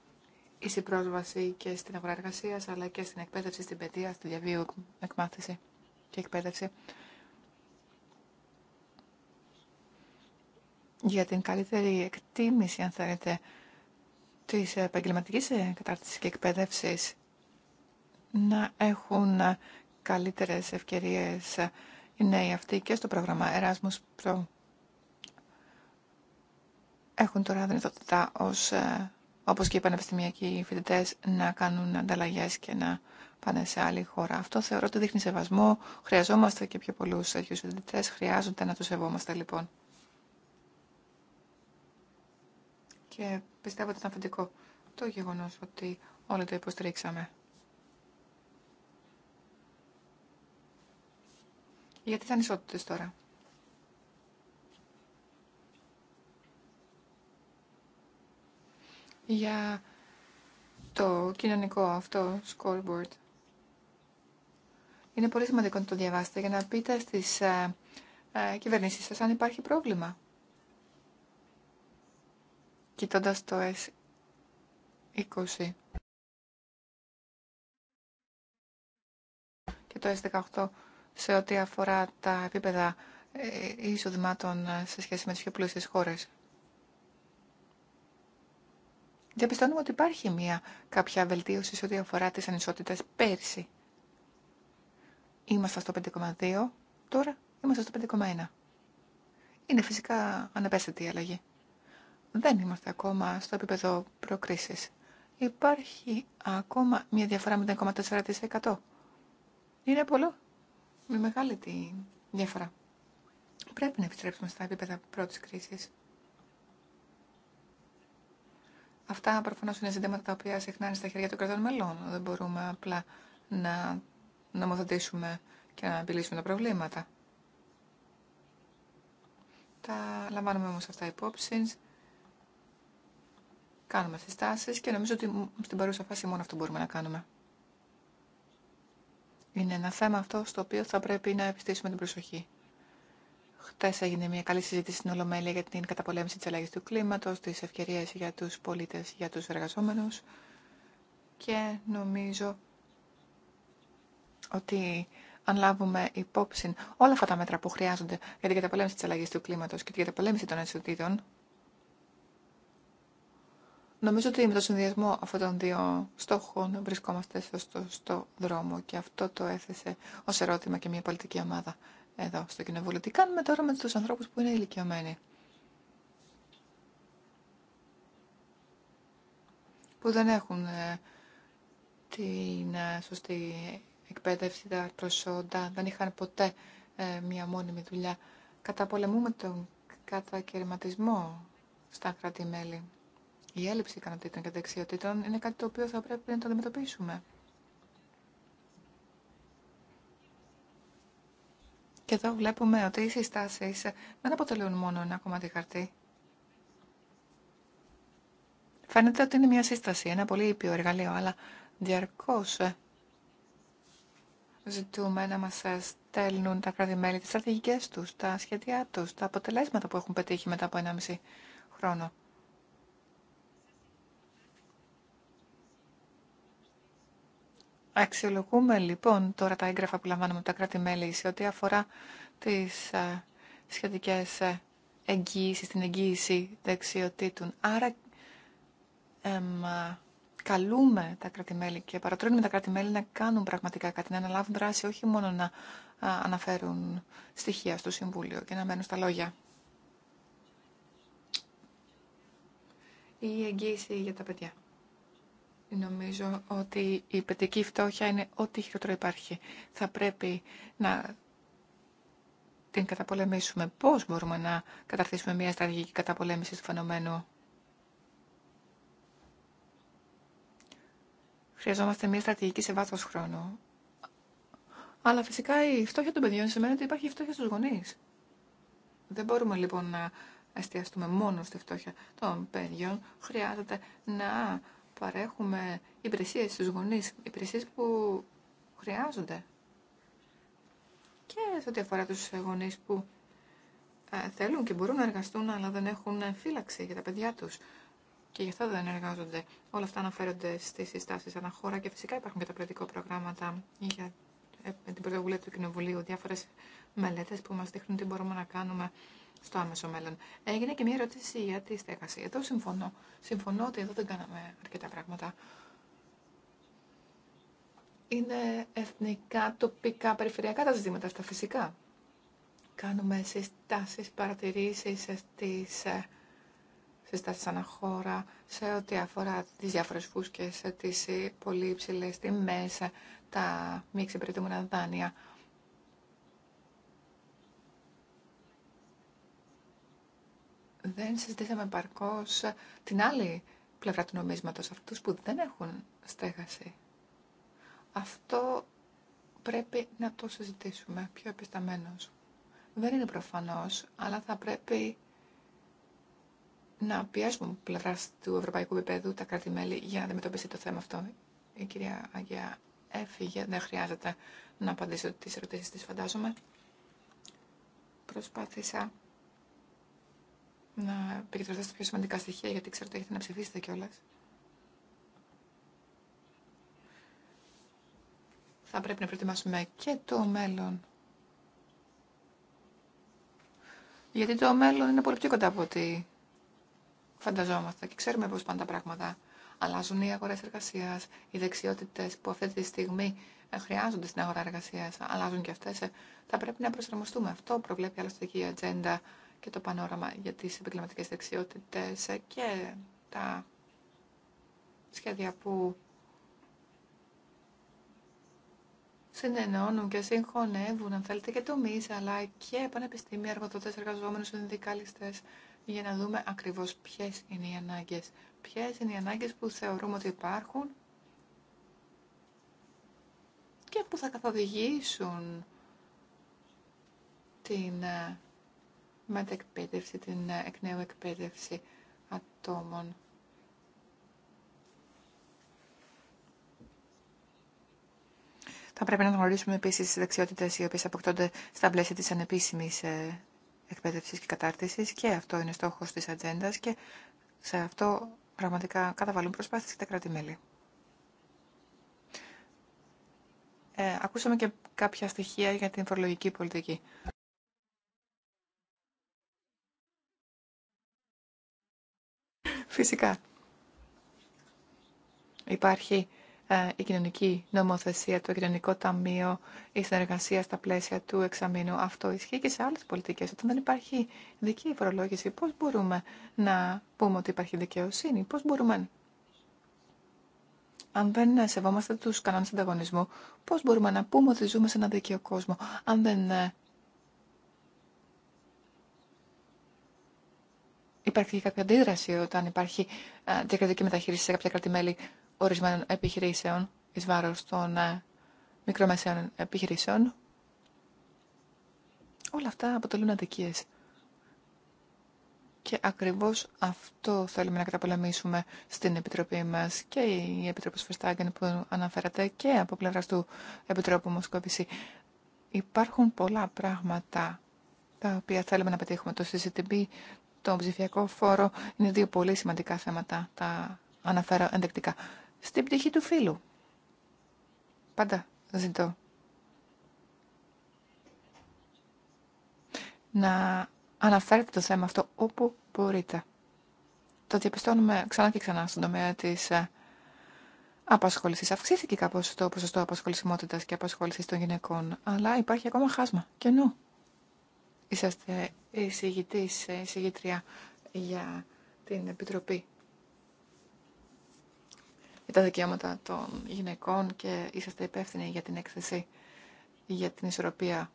η πρόσβαση και στην αγορά αλλά και στην εκπαίδευση, στην παιδεία, στη διαβίου εκμάθηση και εκπαίδευση. Για την καλύτερη εκτίμηση, αν θέλετε, τη επαγγελματική ε, κατάρτισης και εκπαίδευση να έχουν καλύτερες ευκαιρίες οι νέοι αυτοί και στο πρόγραμμα Erasmus Pro. Έχουν τώρα δυνατότητα ως, ε, όπως και οι πανεπιστημιακοί φοιτητέ να κάνουν ανταλλαγές και να πάνε σε άλλη χώρα. Αυτό θεωρώ ότι δείχνει σεβασμό. Χρειαζόμαστε και πιο πολλούς τέτοιου φοιτητέ. Χρειάζονται να τους σεβόμαστε λοιπόν. Και πιστεύω ότι ήταν αφεντικό το γεγονός ότι όλοι το υποστηρίξαμε. Γιατί τι ανισότητες τώρα. Για το κοινωνικό αυτό scoreboard. Είναι πολύ σημαντικό να το διαβάσετε για να πείτε στις ε, ε, κυβερνήσεις σας αν υπάρχει πρόβλημα. Κοιτώντας το S20 και το S18 σε ό,τι αφορά τα επίπεδα ε, εισοδημάτων ε, σε σχέση με τις πιο πλούσιες χώρες. Διαπιστώνουμε ότι υπάρχει μια κάποια βελτίωση σε ό,τι αφορά τις ανισότητες πέρσι. Είμαστε στο 5,2, τώρα είμαστε στο 5,1. Είναι φυσικά ανεπέστατη η αλλαγή. Δεν είμαστε ακόμα στο επίπεδο προκρίσης. Υπάρχει ακόμα μια διαφορά 0,4%. Είναι πολλό με μεγάλη τη διαφορά. Πρέπει να επιστρέψουμε στα επίπεδα πρώτης κρίσης. Αυτά προφανώ είναι ζητήματα τα οποία συχνά είναι στα χέρια των κρατών μελών. Δεν μπορούμε απλά να νομοθετήσουμε και να επιλύσουμε τα προβλήματα. Τα λαμβάνουμε όμως αυτά υπόψη. Κάνουμε συστάσεις και νομίζω ότι στην παρούσα φάση μόνο αυτό μπορούμε να κάνουμε. Είναι ένα θέμα αυτό στο οποίο θα πρέπει να επιστήσουμε την προσοχή. Χθε έγινε μια καλή συζήτηση στην Ολομέλεια για την καταπολέμηση τη αλλαγή του κλίματο, τι ευκαιρίε για του πολίτε, για του εργαζόμενου. Και νομίζω ότι αν λάβουμε υπόψη όλα αυτά τα μέτρα που χρειάζονται για την καταπολέμηση τη αλλαγή του κλίματο και την καταπολέμηση των αισθητήτων, Νομίζω ότι με το συνδυασμό αυτών των δύο στόχων βρισκόμαστε σωστό στο δρόμο και αυτό το έθεσε ω ερώτημα και μια πολιτική ομάδα εδώ στο Κοινοβούλιο. Τι κάνουμε τώρα με του ανθρώπου που είναι ηλικιωμένοι. Που δεν έχουν ε, την ε, σωστή εκπαίδευση, τα προσόντα, δεν είχαν ποτέ ε, μια μόνιμη δουλειά. Καταπολεμούμε τον κατακαιρματισμό στα κράτη-μέλη. Η έλλειψη ικανοτήτων και δεξιοτήτων είναι κάτι το οποίο θα πρέπει να το αντιμετωπίσουμε. Και εδώ βλέπουμε ότι οι συστάσεις δεν αποτελούν μόνο ένα κομμάτι χαρτί. Φαίνεται ότι είναι μια σύσταση, ένα πολύ ήπιο εργαλείο, αλλά διαρκώς ζητούμε να μας στέλνουν τα κράτη-μέλη τις στρατηγικές τους, τα σχέδιά τους, τα αποτελέσματα που έχουν πετύχει μετά από 1,5 χρόνο. Αξιολογούμε λοιπόν τώρα τα έγγραφα που λαμβάνουμε από τα κράτη-μέλη σε ό,τι αφορά τις ε, σχετικές ε, εγγύησεις, την εγγύηση δεξιοτήτων. Άρα εμ, ε, καλούμε τα κράτη-μέλη και παρατρύνουμε τα κράτη-μέλη να κάνουν πραγματικά κάτι, να αναλάβουν δράση, όχι μόνο να αναφέρουν στοιχεία στο Συμβούλιο και να μένουν στα λόγια. Η εγγύηση για τα παιδιά. Νομίζω ότι η παιδική φτώχεια είναι ό,τι χειρότερο υπάρχει. Θα πρέπει να την καταπολεμήσουμε. Πώς μπορούμε να καταρθίσουμε μια στρατηγική καταπολέμηση του φαινομένου. Χρειαζόμαστε μια στρατηγική σε βάθος χρόνου. Αλλά φυσικά η φτώχεια των παιδιών σημαίνει ότι υπάρχει φτώχεια στους γονείς. Δεν μπορούμε λοιπόν να εστιαστούμε μόνο στη φτώχεια των παιδιών. Χρειάζεται να παρέχουμε υπηρεσίες στους γονείς, υπηρεσίες που χρειάζονται. Και σε ό,τι αφορά τους γονείς που ε, θέλουν και μπορούν να εργαστούν αλλά δεν έχουν φύλαξη για τα παιδιά τους και γι' αυτό δεν εργάζονται. Όλα αυτά αναφέρονται στις συστάσεις αναχώρα και φυσικά υπάρχουν και τα πρακτικό προγράμματα για ε, την πρωτοβουλία του Κοινοβουλίου, διάφορες μελέτε που μας δείχνουν τι μπορούμε να κάνουμε στο άμεσο μέλλον. Έγινε και μια ερώτηση για τη στέγαση. Εδώ συμφωνώ. Συμφωνώ ότι εδώ δεν κάναμε αρκετά πράγματα. Είναι εθνικά, τοπικά, περιφερειακά τα ζητήματα αυτά φυσικά. Κάνουμε συστάσεις, παρατηρήσεις στις ε, συστάσεις αναχώρα σε ό,τι αφορά τις διάφορες φούσκες, τις ε, πολύ υψηλές τιμές, ε, τα μη εξυπηρετούμενα δάνεια. δεν συζητήσαμε παρκώς την άλλη πλευρά του νομίσματος, αυτούς που δεν έχουν στέγαση. Αυτό πρέπει να το συζητήσουμε πιο επισταμένως. Δεν είναι προφανώς, αλλά θα πρέπει να πιέσουμε πλευρά του ευρωπαϊκού επίπεδου τα κράτη-μέλη για να αντιμετωπίσει το θέμα αυτό. Η κυρία Αγία έφυγε, δεν χρειάζεται να απαντήσω τι ερωτήσει της φαντάζομαι. Προσπάθησα να επικεντρωθώ στα πιο σημαντικά στοιχεία, γιατί ξέρω ότι έχετε να ψηφίσετε κιόλα. Θα πρέπει να προετοιμάσουμε και το μέλλον. Γιατί το μέλλον είναι πολύ πιο κοντά από ό,τι φανταζόμαστε και ξέρουμε πώς πάνε τα πράγματα. Αλλάζουν οι αγορές εργασίας, οι δεξιότητες που αυτή τη στιγμή χρειάζονται στην αγορά εργασίας, αλλάζουν και αυτές. Θα πρέπει να προσαρμοστούμε. Αυτό προβλέπει άλλωστε και ατζέντα και το πανόραμα για τις επαγγελματικέ δεξιότητες και τα σχέδια που συνενώνουν και συγχωνεύουν, αν θέλετε, και τομείς, αλλά και πανεπιστήμια, εργοδότες, εργαζόμενους, συνδικαλιστές, για να δούμε ακριβώς ποιες είναι οι ανάγκες. Ποιες είναι οι ανάγκες που θεωρούμε ότι υπάρχουν και που θα καθοδηγήσουν την ε, με την ε, εκ νέου εκπαίδευση ατόμων. Θα πρέπει να γνωρίσουμε επίση τι δεξιότητε οι οποίε αποκτώνται στα πλαίσια τη ανεπίσημη ε, εκπαίδευση και κατάρτιση και αυτό είναι στόχο τη ατζέντα και σε αυτό πραγματικά καταβαλούν προσπάθειε και τα κράτη-μέλη. Ε, ακούσαμε και κάποια στοιχεία για την φορολογική πολιτική. Φυσικά. Υπάρχει ε, η κοινωνική νομοθεσία, το κοινωνικό ταμείο, η συνεργασία στα πλαίσια του εξαμήνου. Αυτό ισχύει και σε άλλες πολιτικές. Όταν δεν υπάρχει δική φορολόγηση, πώς μπορούμε να πούμε ότι υπάρχει δικαιοσύνη, πώς μπορούμε... Αν δεν σεβόμαστε του κανόνε ανταγωνισμού, πώς μπορούμε να πούμε ότι ζούμε σε ένα δίκαιο κόσμο, αν δεν ε, υπάρχει κάποια αντίδραση όταν υπάρχει ε, διακριτική μεταχείριση σε κάποια κρατημέλη ορισμένων επιχειρήσεων ει βάρο των ε, μικρομεσαίων επιχειρήσεων. Όλα αυτά αποτελούν αδικίες. Και ακριβώς αυτό θέλουμε να καταπολεμήσουμε στην Επιτροπή μας και η Επιτροπή Φεστάγκεν που αναφέρατε και από πλευρά του Επιτρόπου Μοσκόπηση. Υπάρχουν πολλά πράγματα τα οποία θέλουμε να πετύχουμε. Το CCTV, το ψηφιακό φόρο είναι δύο πολύ σημαντικά θέματα. Τα αναφέρω ενδεκτικά. Στην πτυχή του φίλου. Πάντα ζητώ. Να αναφέρετε το θέμα αυτό όπου μπορείτε. Το διαπιστώνουμε ξανά και ξανά στον τομέα της ε, απασχόλησης. Αυξήθηκε κάπως το ποσοστό απασχολησιμότητας και απασχόληση των γυναικών, αλλά υπάρχει ακόμα χάσμα. νου είσαστε εισηγητής, ε, εισηγήτρια για την Επιτροπή για τα δικαιώματα των γυναικών και είσαστε υπεύθυνοι για την έκθεση για την ισορροπία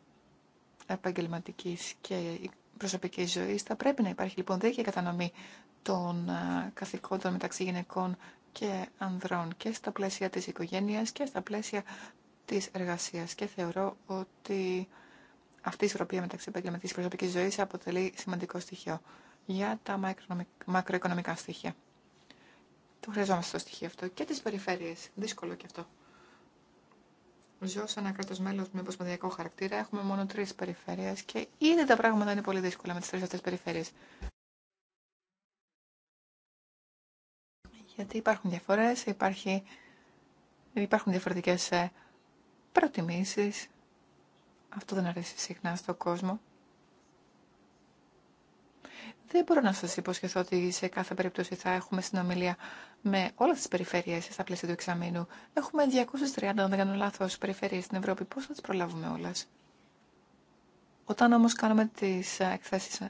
επαγγελματική και προσωπικής ζωής. Θα πρέπει να υπάρχει λοιπόν δίκαιη κατανομή των ε, καθηκόντων μεταξύ γυναικών και ανδρών και στα πλαίσια της οικογένειας και στα πλαίσια της εργασίας και θεωρώ ότι αυτή η ισορροπία μεταξύ επαγγελματική προσωπική ζωή αποτελεί σημαντικό στοιχείο για τα μακροοικονομικά στοιχεία. Το χρειαζόμαστε το στοιχείο αυτό και τι περιφέρειε. Δύσκολο και αυτό. Ζω σε ένα κράτο μέλο με υποσπονδιακό χαρακτήρα. Έχουμε μόνο τρει περιφέρειε και ήδη τα πράγματα είναι πολύ δύσκολα με τι τρει αυτέ περιφέρειε. Γιατί υπάρχουν διαφορέ, υπάρχουν διαφορετικέ ε, προτιμήσει αυτό δεν αρέσει συχνά στον κόσμο. Δεν μπορώ να σας υποσχεθώ ότι σε κάθε περίπτωση θα έχουμε συνομιλία με όλες τις περιφέρειες στα πλαίσια του εξαμήνου. Έχουμε 230, αν δεν κάνω λάθος, περιφέρειες στην Ευρώπη. Πώς θα τις προλάβουμε όλες. Όταν όμως κάνουμε τις εκθέσεις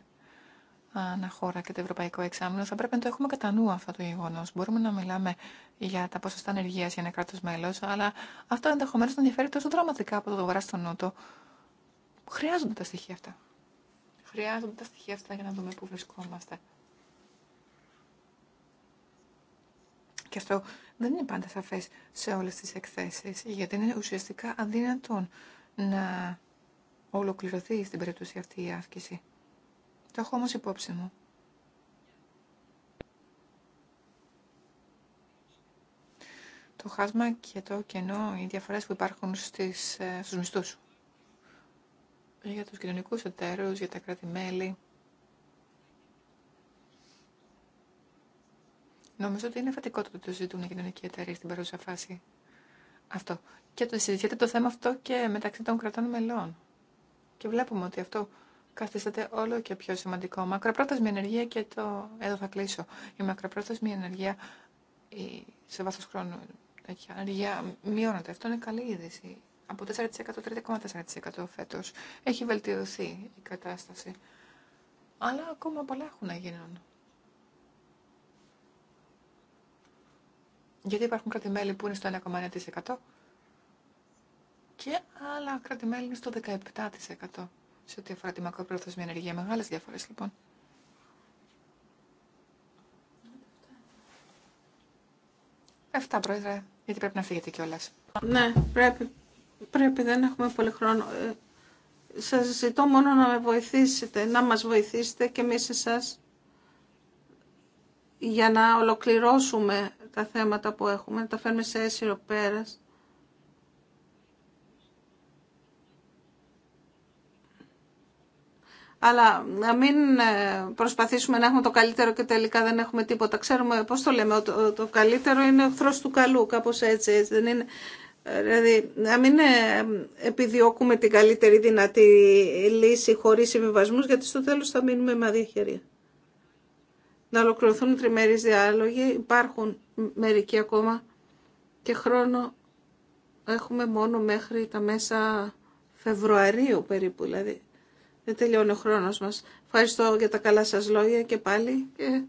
αναχώρα και το Ευρωπαϊκό Εξάμεινο, θα πρέπει να το έχουμε κατά νου αυτό το γεγονό. Μπορούμε να μιλάμε για τα ποσοστά ανεργία για ένα κράτο μέλο, αλλά αυτό ενδεχομένω να διαφέρει τόσο δραματικά από το βορρά στο νότο, χρειάζονται τα στοιχεία αυτά. Χρειάζονται τα στοιχεία αυτά για να δούμε πού βρισκόμαστε. Και αυτό δεν είναι πάντα σαφές σε όλες τις εκθέσεις, γιατί είναι ουσιαστικά αδύνατον να ολοκληρωθεί στην περίπτωση αυτή η άσκηση. Το έχω όμως υπόψη μου. Το χάσμα και το κενό, οι διαφορές που υπάρχουν στις, ε, στους μισθούς για τους κοινωνικούς εταίρους, για τα κράτη-μέλη. Νομίζω ότι είναι φατικό το ότι το ζητούν οι κοινωνικοί εταίροι στην παρούσα φάση. Αυτό. Και το συζητιέται το θέμα αυτό και μεταξύ των κρατών μελών. Και βλέπουμε ότι αυτό καθίσταται όλο και πιο σημαντικό. Μακροπρόθεσμη ενεργεία και το... Εδώ θα κλείσω. Η μακροπρόθεσμη ενεργεία σε βάθος χρόνου τέτοια μειώνεται. Αυτό είναι καλή είδηση από 4% 3,4% φέτος. Έχει βελτιωθεί η κατάσταση. Αλλά ακόμα πολλά έχουν να γίνουν. Γιατί υπάρχουν κρατημέλη που είναι στο 1,9% και άλλα κρατημέλη είναι στο 17% σε ό,τι αφορά τη μακροπρόθεσμη ενεργεία. Μεγάλες διαφορές λοιπόν. Αυτά, Πρόεδρε, γιατί πρέπει να φύγετε κιόλα. Ναι, πρέπει. Πρέπει, δεν έχουμε πολύ χρόνο. Ε, σας ζητώ μόνο να με βοηθήσετε, να μας βοηθήσετε και εμείς εσάς για να ολοκληρώσουμε τα θέματα που έχουμε, να τα φέρουμε σε αίσιο πέρας. Αλλά να μην ε, προσπαθήσουμε να έχουμε το καλύτερο και τελικά δεν έχουμε τίποτα. Ξέρουμε, πώς το λέμε, το, το καλύτερο είναι εχθρός του καλού, κάπως έτσι, έτσι δεν είναι. Δηλαδή, να μην ε, επιδιώκουμε την καλύτερη δυνατή λύση χωρίς συμβιβασμούς, γιατί στο τέλος θα μείνουμε με αδία Να ολοκληρωθούν τριμερείς διάλογοι, υπάρχουν μερικοί ακόμα και χρόνο έχουμε μόνο μέχρι τα μέσα Φεβρουαρίου περίπου, δηλαδή. Δεν τελειώνει ο χρόνος μας. Ευχαριστώ για τα καλά σας λόγια και πάλι και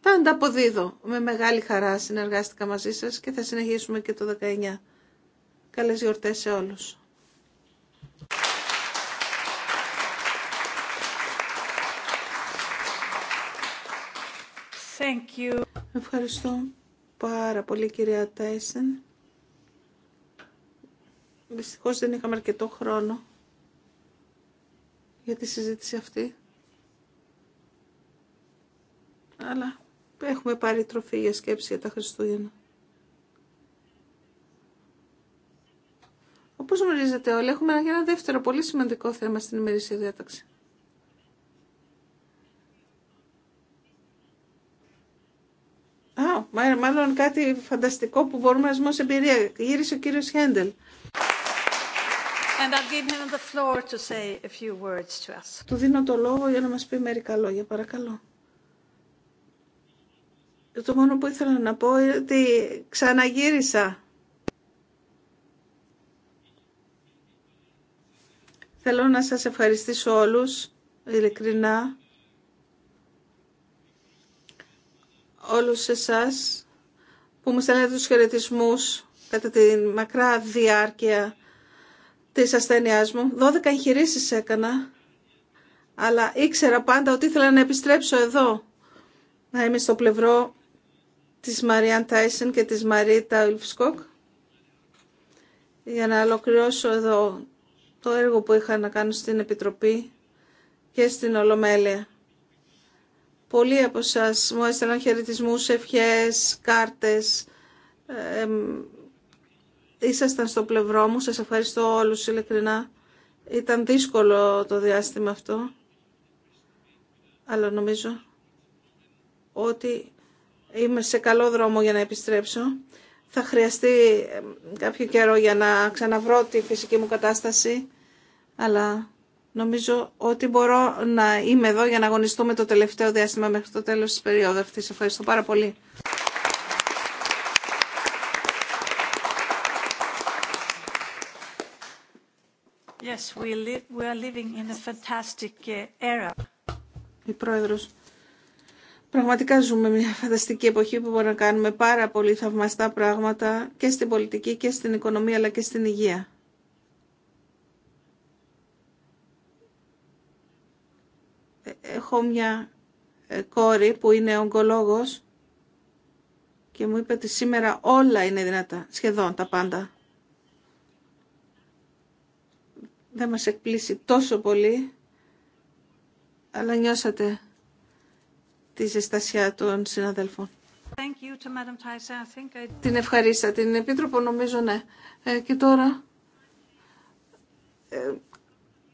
τα ανταποδίδω. Με μεγάλη χαρά συνεργάστηκα μαζί σας και θα συνεχίσουμε και το 19. Καλές γιορτές σε όλους. Thank you. Ευχαριστώ πάρα πολύ κυρία Τέισεν. Δυστυχώς δεν είχαμε αρκετό χρόνο για τη συζήτηση αυτή. Αλλά έχουμε πάρει τροφή για σκέψη για τα Χριστούγεννα. όλοι. Έχουμε ένα δεύτερο πολύ σημαντικό θέμα στην ημερήσια διάταξη. Α, μάλλον κάτι φανταστικό που μπορούμε να ζούμε ως εμπειρία. Γύρισε ο κύριος Χέντελ. Του δίνω το λόγο για να μας πει μερικά λόγια, παρακαλώ. Το μόνο που ήθελα να πω είναι ότι ξαναγύρισα Θέλω να σας ευχαριστήσω όλους, ειλικρινά, όλους εσάς που μου στέλνετε τους χαιρετισμού κατά τη μακρά διάρκεια της ασθένειάς μου. 12 εγχειρήσει έκανα, αλλά ήξερα πάντα ότι ήθελα να επιστρέψω εδώ, να είμαι στο πλευρό της Μαριάν Τάισεν και της Μαρίτα Ουλφσκοκ για να ολοκληρώσω εδώ το έργο που είχα να κάνω στην Επιτροπή και στην Ολομέλεια. Πολλοί από σας μου έστελαν χαιρετισμού, ευχέ, κάρτε. Ε, ήσασταν στο πλευρό μου. Σας ευχαριστώ όλους ειλικρινά. Ήταν δύσκολο το διάστημα αυτό. Αλλά νομίζω ότι είμαι σε καλό δρόμο για να επιστρέψω θα χρειαστεί κάποιο καιρό για να ξαναβρω τη φυσική μου κατάσταση, αλλά νομίζω ότι μπορώ να είμαι εδώ για να αγωνιστούμε το τελευταίο διάστημα μέχρι το τέλος της περίοδου αυτής. Ευχαριστώ πάρα πολύ. Η Πρόεδρος. Πραγματικά ζούμε μια φανταστική εποχή που μπορούμε να κάνουμε πάρα πολύ θαυμαστά πράγματα και στην πολιτική και στην οικονομία αλλά και στην υγεία. Ε, έχω μια ε, κόρη που είναι ογκολόγος και μου είπε ότι σήμερα όλα είναι δυνατά, σχεδόν τα πάντα. Δεν μας εκπλήσει τόσο πολύ, αλλά νιώσατε τη ζεστασιά των συναδέλφων. Την ευχαρίστα, την Επίτροπο νομίζω ναι. Ε, και τώρα ε,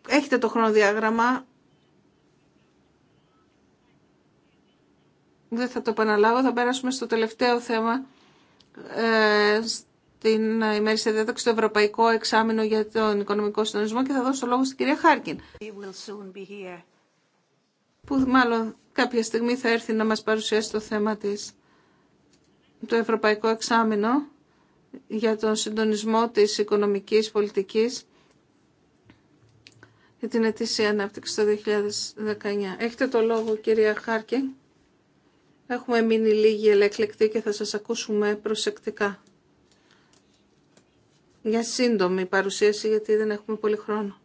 έχετε το χρονοδιάγραμμα. Δεν θα το επαναλάβω, θα πέρασουμε στο τελευταίο θέμα ε, στην ημέρη σε διάταξη στο Ευρωπαϊκό Εξάμεινο για τον Οικονομικό Συντονισμό και θα δώσω το λόγο στην κυρία Χάρκιν που μάλλον κάποια στιγμή θα έρθει να μας παρουσιάσει το θέμα της το Ευρωπαϊκό Εξάμεινο για τον συντονισμό της οικονομικής πολιτικής για την ετήσια ανάπτυξη το 2019. Έχετε το λόγο κυρία Χάρκη. Έχουμε μείνει λίγοι ελεκλεκτοί και θα σας ακούσουμε προσεκτικά. Για σύντομη παρουσίαση γιατί δεν έχουμε πολύ χρόνο.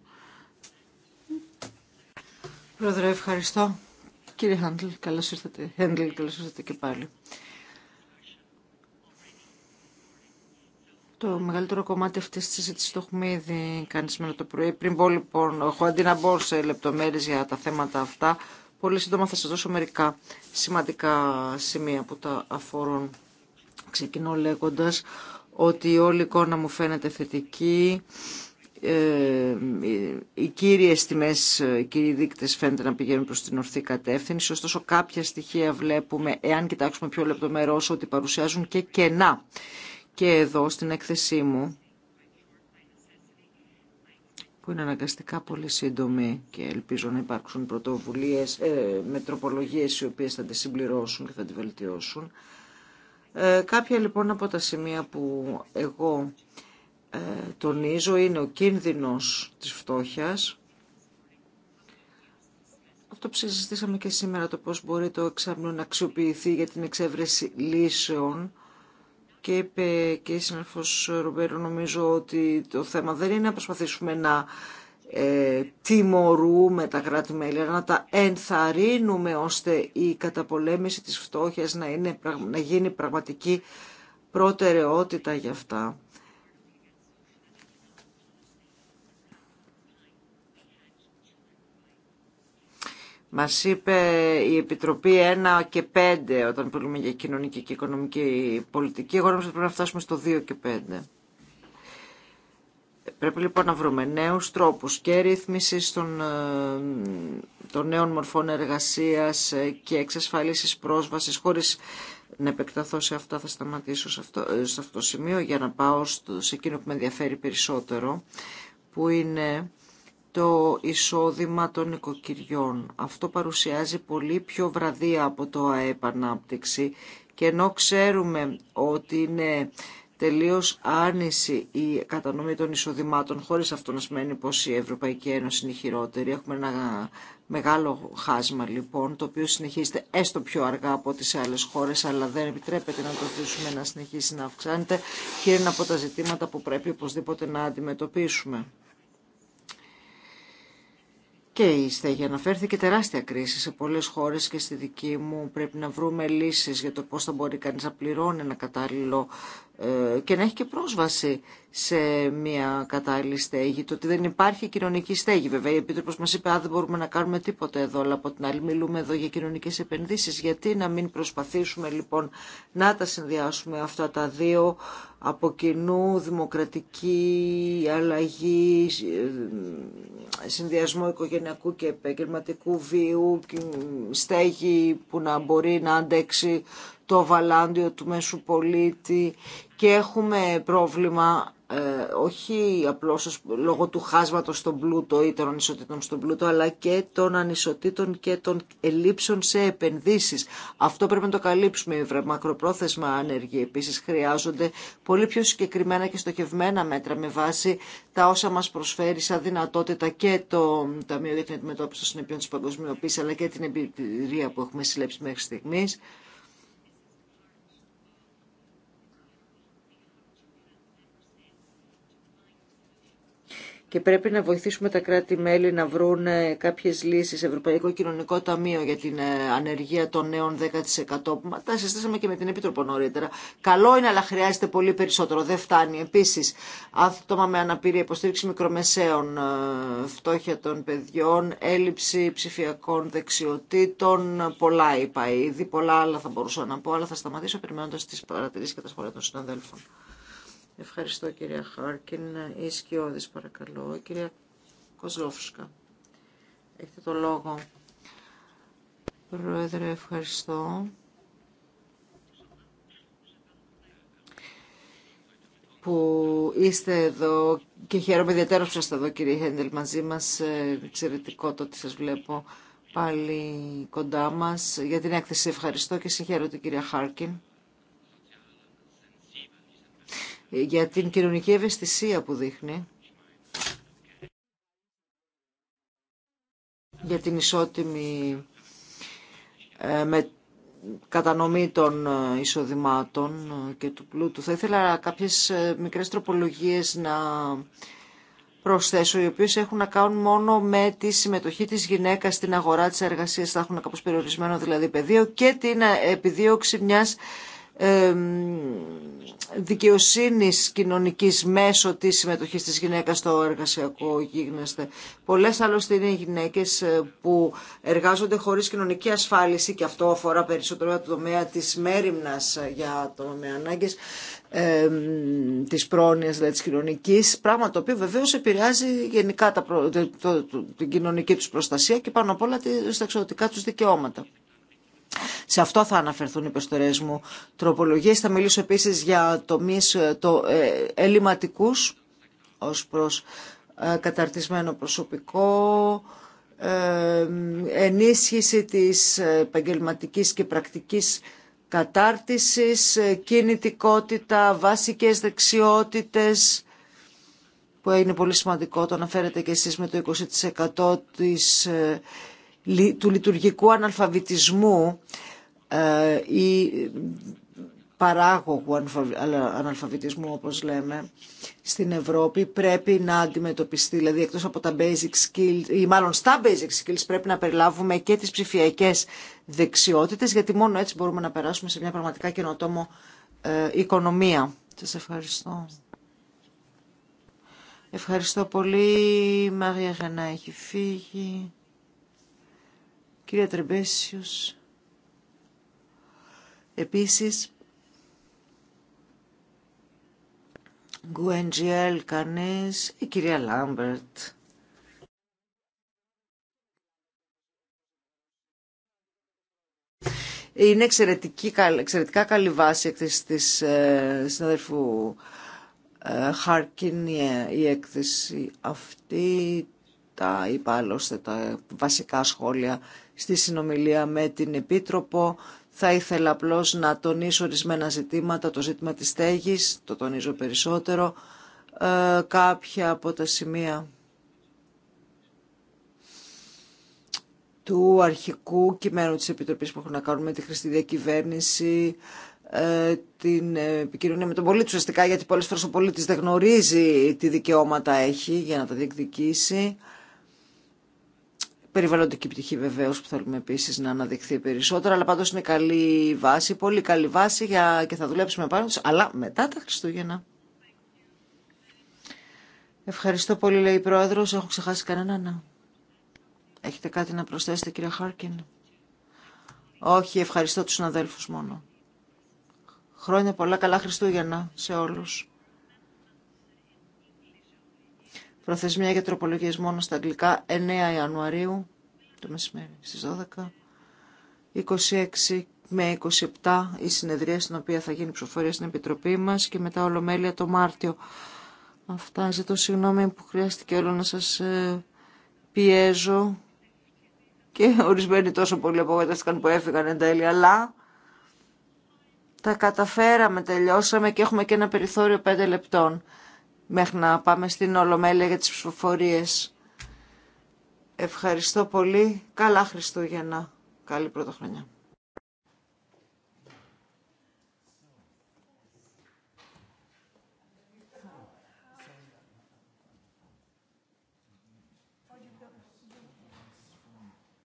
Πρόεδρε, ευχαριστώ. Κύριε Χάντλ, καλώς ήρθατε. Χάντλ, καλώς ήρθατε και πάλι. Το μεγαλύτερο κομμάτι αυτή τη συζήτηση το έχουμε ήδη κάνει σήμερα το πρωί. Πριν πω λοιπόν, έχω αντί να μπω σε λεπτομέρειε για τα θέματα αυτά, πολύ σύντομα θα σα δώσω μερικά σημαντικά σημεία που τα αφορούν. Ξεκινώ λέγοντα ότι όλη η εικόνα μου φαίνεται θετική. Ε, οι κύριες τιμές, ε, οι κύριοι δείκτες φαίνεται να πηγαίνουν προς την ορθή κατεύθυνση, ωστόσο κάποια στοιχεία βλέπουμε, εάν κοιτάξουμε πιο λεπτομερώς, ότι παρουσιάζουν και κενά. Και εδώ στην έκθεσή μου, που είναι αναγκαστικά πολύ σύντομη και ελπίζω να υπάρξουν πρωτοβουλίες, ε, μετροπολογίες οι οποίες θα τη συμπληρώσουν και θα τη βελτιώσουν. Ε, κάποια λοιπόν από τα σημεία που εγώ ε, τονίζω είναι ο κίνδυνος της φτώχειας. Αυτό που συζητήσαμε και σήμερα το πώς μπορεί το εξάμεινο να αξιοποιηθεί για την εξέβρεση λύσεων και είπε και η συνάδελφος Ρομπέρο νομίζω ότι το θέμα δεν είναι να προσπαθήσουμε να ε, τιμωρούμε τα κράτη-μέλη, αλλά να τα ενθαρρύνουμε ώστε η καταπολέμηση της φτώχειας να, είναι, να γίνει πραγματική προτεραιότητα για αυτά. Μας είπε η Επιτροπή 1 και 5 όταν μιλούμε για κοινωνική και οικονομική πολιτική. Εγώ νομίζω πρέπει να φτάσουμε στο 2 και 5. Πρέπει λοιπόν να βρούμε νέους τρόπους και ρύθμιση των, ε, των νέων μορφών εργασίας ε, και εξασφάλισης πρόσβασης χωρίς να επεκταθώ σε αυτά, θα σταματήσω σε αυτό, ε, σε αυτό το σημείο για να πάω στο, σε εκείνο που με ενδιαφέρει περισσότερο, που είναι το εισόδημα των οικοκυριών. Αυτό παρουσιάζει πολύ πιο βραδία από το ΑΕΠ ανάπτυξη και ενώ ξέρουμε ότι είναι τελείως άνηση η κατανομή των εισοδημάτων χωρίς αυτό να σημαίνει πως η Ευρωπαϊκή Ένωση είναι χειρότερη. Έχουμε ένα μεγάλο χάσμα λοιπόν το οποίο συνεχίζεται έστω πιο αργά από τις άλλες χώρες αλλά δεν επιτρέπεται να το αφήσουμε να συνεχίσει να αυξάνεται και είναι από τα ζητήματα που πρέπει οπωσδήποτε να αντιμετωπίσουμε και η στέγη αναφέρθηκε τεράστια κρίση σε πολλέ χώρες και στη δική μου πρέπει να βρούμε λύσεις για το πώ θα μπορεί κανεί να πληρώνει ένα κατάλληλο ε, και να έχει και πρόσβαση σε μια κατάλληλη στέγη. Το ότι δεν υπάρχει κοινωνική στέγη. Βέβαια, η Επίτροπο μα είπε: Α, δεν μπορούμε να κάνουμε τίποτα εδώ. Αλλά από την άλλη, μιλούμε εδώ για κοινωνικέ επενδύσει. Γιατί να μην προσπαθήσουμε λοιπόν να τα συνδυάσουμε αυτά τα δύο από κοινού, δημοκρατική αλλαγή, συνδυασμό οικογενειακού και επαγγελματικού βίου, στέγη που να μπορεί να αντέξει το βαλάντιο του μέσου πολίτη και έχουμε πρόβλημα ε, όχι απλώς λόγω του χάσματος στον πλούτο ή των ανισοτήτων στον πλούτο, αλλά και των ανισοτήτων και των ελλείψεων σε επενδύσεις. Αυτό πρέπει να το καλύψουμε. Οι μακροπρόθεσμα άνεργοι επίσης χρειάζονται πολύ πιο συγκεκριμένα και στοχευμένα μέτρα με βάση τα όσα μας προσφέρει σαν δυνατότητα και το Ταμείο για την των Συνεπειών της Παγκοσμιοποίησης, αλλά και την εμπειρία που έχουμε συλλέψει μέχρι στιγμής. και πρέπει να βοηθήσουμε τα κράτη-μέλη να βρουν ε, κάποιες λύσεις. Ευρωπαϊκό Κοινωνικό Ταμείο για την ε, ανεργία των νέων 10% που τα συστήσαμε και με την Επίτροπο νωρίτερα. Καλό είναι αλλά χρειάζεται πολύ περισσότερο, δεν φτάνει. Επίσης, άτομα με αναπηρία υποστήριξη μικρομεσαίων, ε, φτώχεια των παιδιών, έλλειψη ψηφιακών δεξιοτήτων, πολλά είπα ήδη, πολλά άλλα θα μπορούσα να πω, αλλά θα σταματήσω περιμένοντας τις παρατηρήσεις και τα σχόλια των συναδέλφων. Ευχαριστώ κυρία Χάρκιν. Η Σκιώδης παρακαλώ. Κυρία Κοζλόφσκα. Έχετε το λόγο. Πρόεδρε, ευχαριστώ. που είστε εδώ και χαίρομαι ιδιαίτερα που είστε εδώ κύριε Χέντελ μαζί μας. Ε, εξαιρετικό το ότι σας βλέπω πάλι κοντά μας. Για την έκθεση ευχαριστώ και συγχαίρω την κυρία Χάρκιν. για την κοινωνική ευαισθησία που δείχνει, για την ισότιμη ε, με κατανομή των ε, εισοδημάτων ε, και του πλούτου. Θα ήθελα κάποιες μικρές τροπολογίες να προσθέσω, οι οποίες έχουν να κάνουν μόνο με τη συμμετοχή της γυναίκας στην αγορά της εργασίας, θα έχουν κάπως περιορισμένο δηλαδή πεδίο και την επιδίωξη μιας δικαιοσύνης κοινωνικής μέσω της συμμετοχής της γυναίκας στο εργασιακό γίγνεσθε. Πολλές άλλωστε είναι οι γυναίκες ε, που εργάζονται χωρίς κοινωνική ασφάλιση και αυτό αφορά περισσότερο το τομέα της μέρημνας ε, για το με ανάγκες ε, της πρόνοιας δηλαδή της κοινωνικής, πράγμα το οποίο βεβαίως επηρεάζει γενικά τα, το, την κοινωνική τους προστασία και πάνω απ' όλα τα εξωτικά τους δικαιώματα. Σε αυτό θα αναφερθούν οι προστορέ μου τροπολογίες. Θα μιλήσω επίσης για τομεί το, ε, ελληματικούς ως προς ε, καταρτισμένο προσωπικό, ε, ενίσχυση της επαγγελματική και πρακτικής κατάρτισης, ε, κινητικότητα, βασικές δεξιότητες, που είναι πολύ σημαντικό, το αναφέρετε και εσείς με το 20% της του λειτουργικού αναλφαβητισμού ε, ή παράγωγου αναλφαβητισμού όπως λέμε στην Ευρώπη πρέπει να αντιμετωπιστεί δηλαδή εκτός από τα basic skills ή μάλλον στα basic skills πρέπει να περιλάβουμε και τις ψηφιακές δεξιότητες γιατί μόνο έτσι μπορούμε να περάσουμε σε μια πραγματικά καινοτόμο ε, οικονομία. Σας ευχαριστώ. Ευχαριστώ πολύ. Η Μαρία Γανά έχει φύγει. Κυρία Τρεμπέσιος, επίσης, Γκουέντζιέλ Κάνες η κυρία Λάμπερτ. Είναι εξαιρετική, εξαιρετικά καλή βάση έκθεση της ε, συναδελφού ε, Χάρκιν η έκθεση αυτή. Τα είπα τα βασικά σχόλια στη συνομιλία με την Επίτροπο. Θα ήθελα απλώ να τονίσω ορισμένα ζητήματα, το ζήτημα της στέγης, το τονίζω περισσότερο, ε, κάποια από τα σημεία του αρχικού κειμένου της Επιτροπής που έχουν να κάνουν με τη χρηστή διακυβέρνηση, ε, την επικοινωνία με τον πολίτη ουσιαστικά γιατί πολλές φορές ο δεν γνωρίζει τι δικαιώματα έχει για να τα διεκδικήσει περιβαλλοντική πτυχή βεβαίω που θέλουμε επίση να αναδειχθεί περισσότερο. Αλλά πάντω είναι καλή βάση, πολύ καλή βάση για... και θα δουλέψουμε πάνω Αλλά μετά τα Χριστούγεννα. Ευχαριστώ πολύ, λέει η Πρόεδρο. Έχω ξεχάσει κανέναν. Να. Έχετε κάτι να προσθέσετε, κυρία Χάρκιν. Όχι, ευχαριστώ του συναδέλφου μόνο. Χρόνια πολλά, καλά Χριστούγεννα σε όλους. Προθεσμία για τροπολογίες μόνο στα αγγλικά 9 Ιανουαρίου το μεσημέρι στις 12. 26 με 27 η συνεδρία στην οποία θα γίνει ψηφοφορία στην Επιτροπή μας και μετά ολομέλεια το Μάρτιο. Αυτά ζητώ συγγνώμη που χρειάστηκε όλο να σας ε, πιέζω και ορισμένοι τόσο πολύ απογοητεύτηκαν που έφυγαν εν τέλει, αλλά τα καταφέραμε, τελειώσαμε και έχουμε και ένα περιθώριο 5 λεπτών μέχρι να πάμε στην Ολομέλεια για τις ψηφοφορίες. Ευχαριστώ πολύ. Καλά Χριστούγεννα. Καλή πρωτοχρονιά.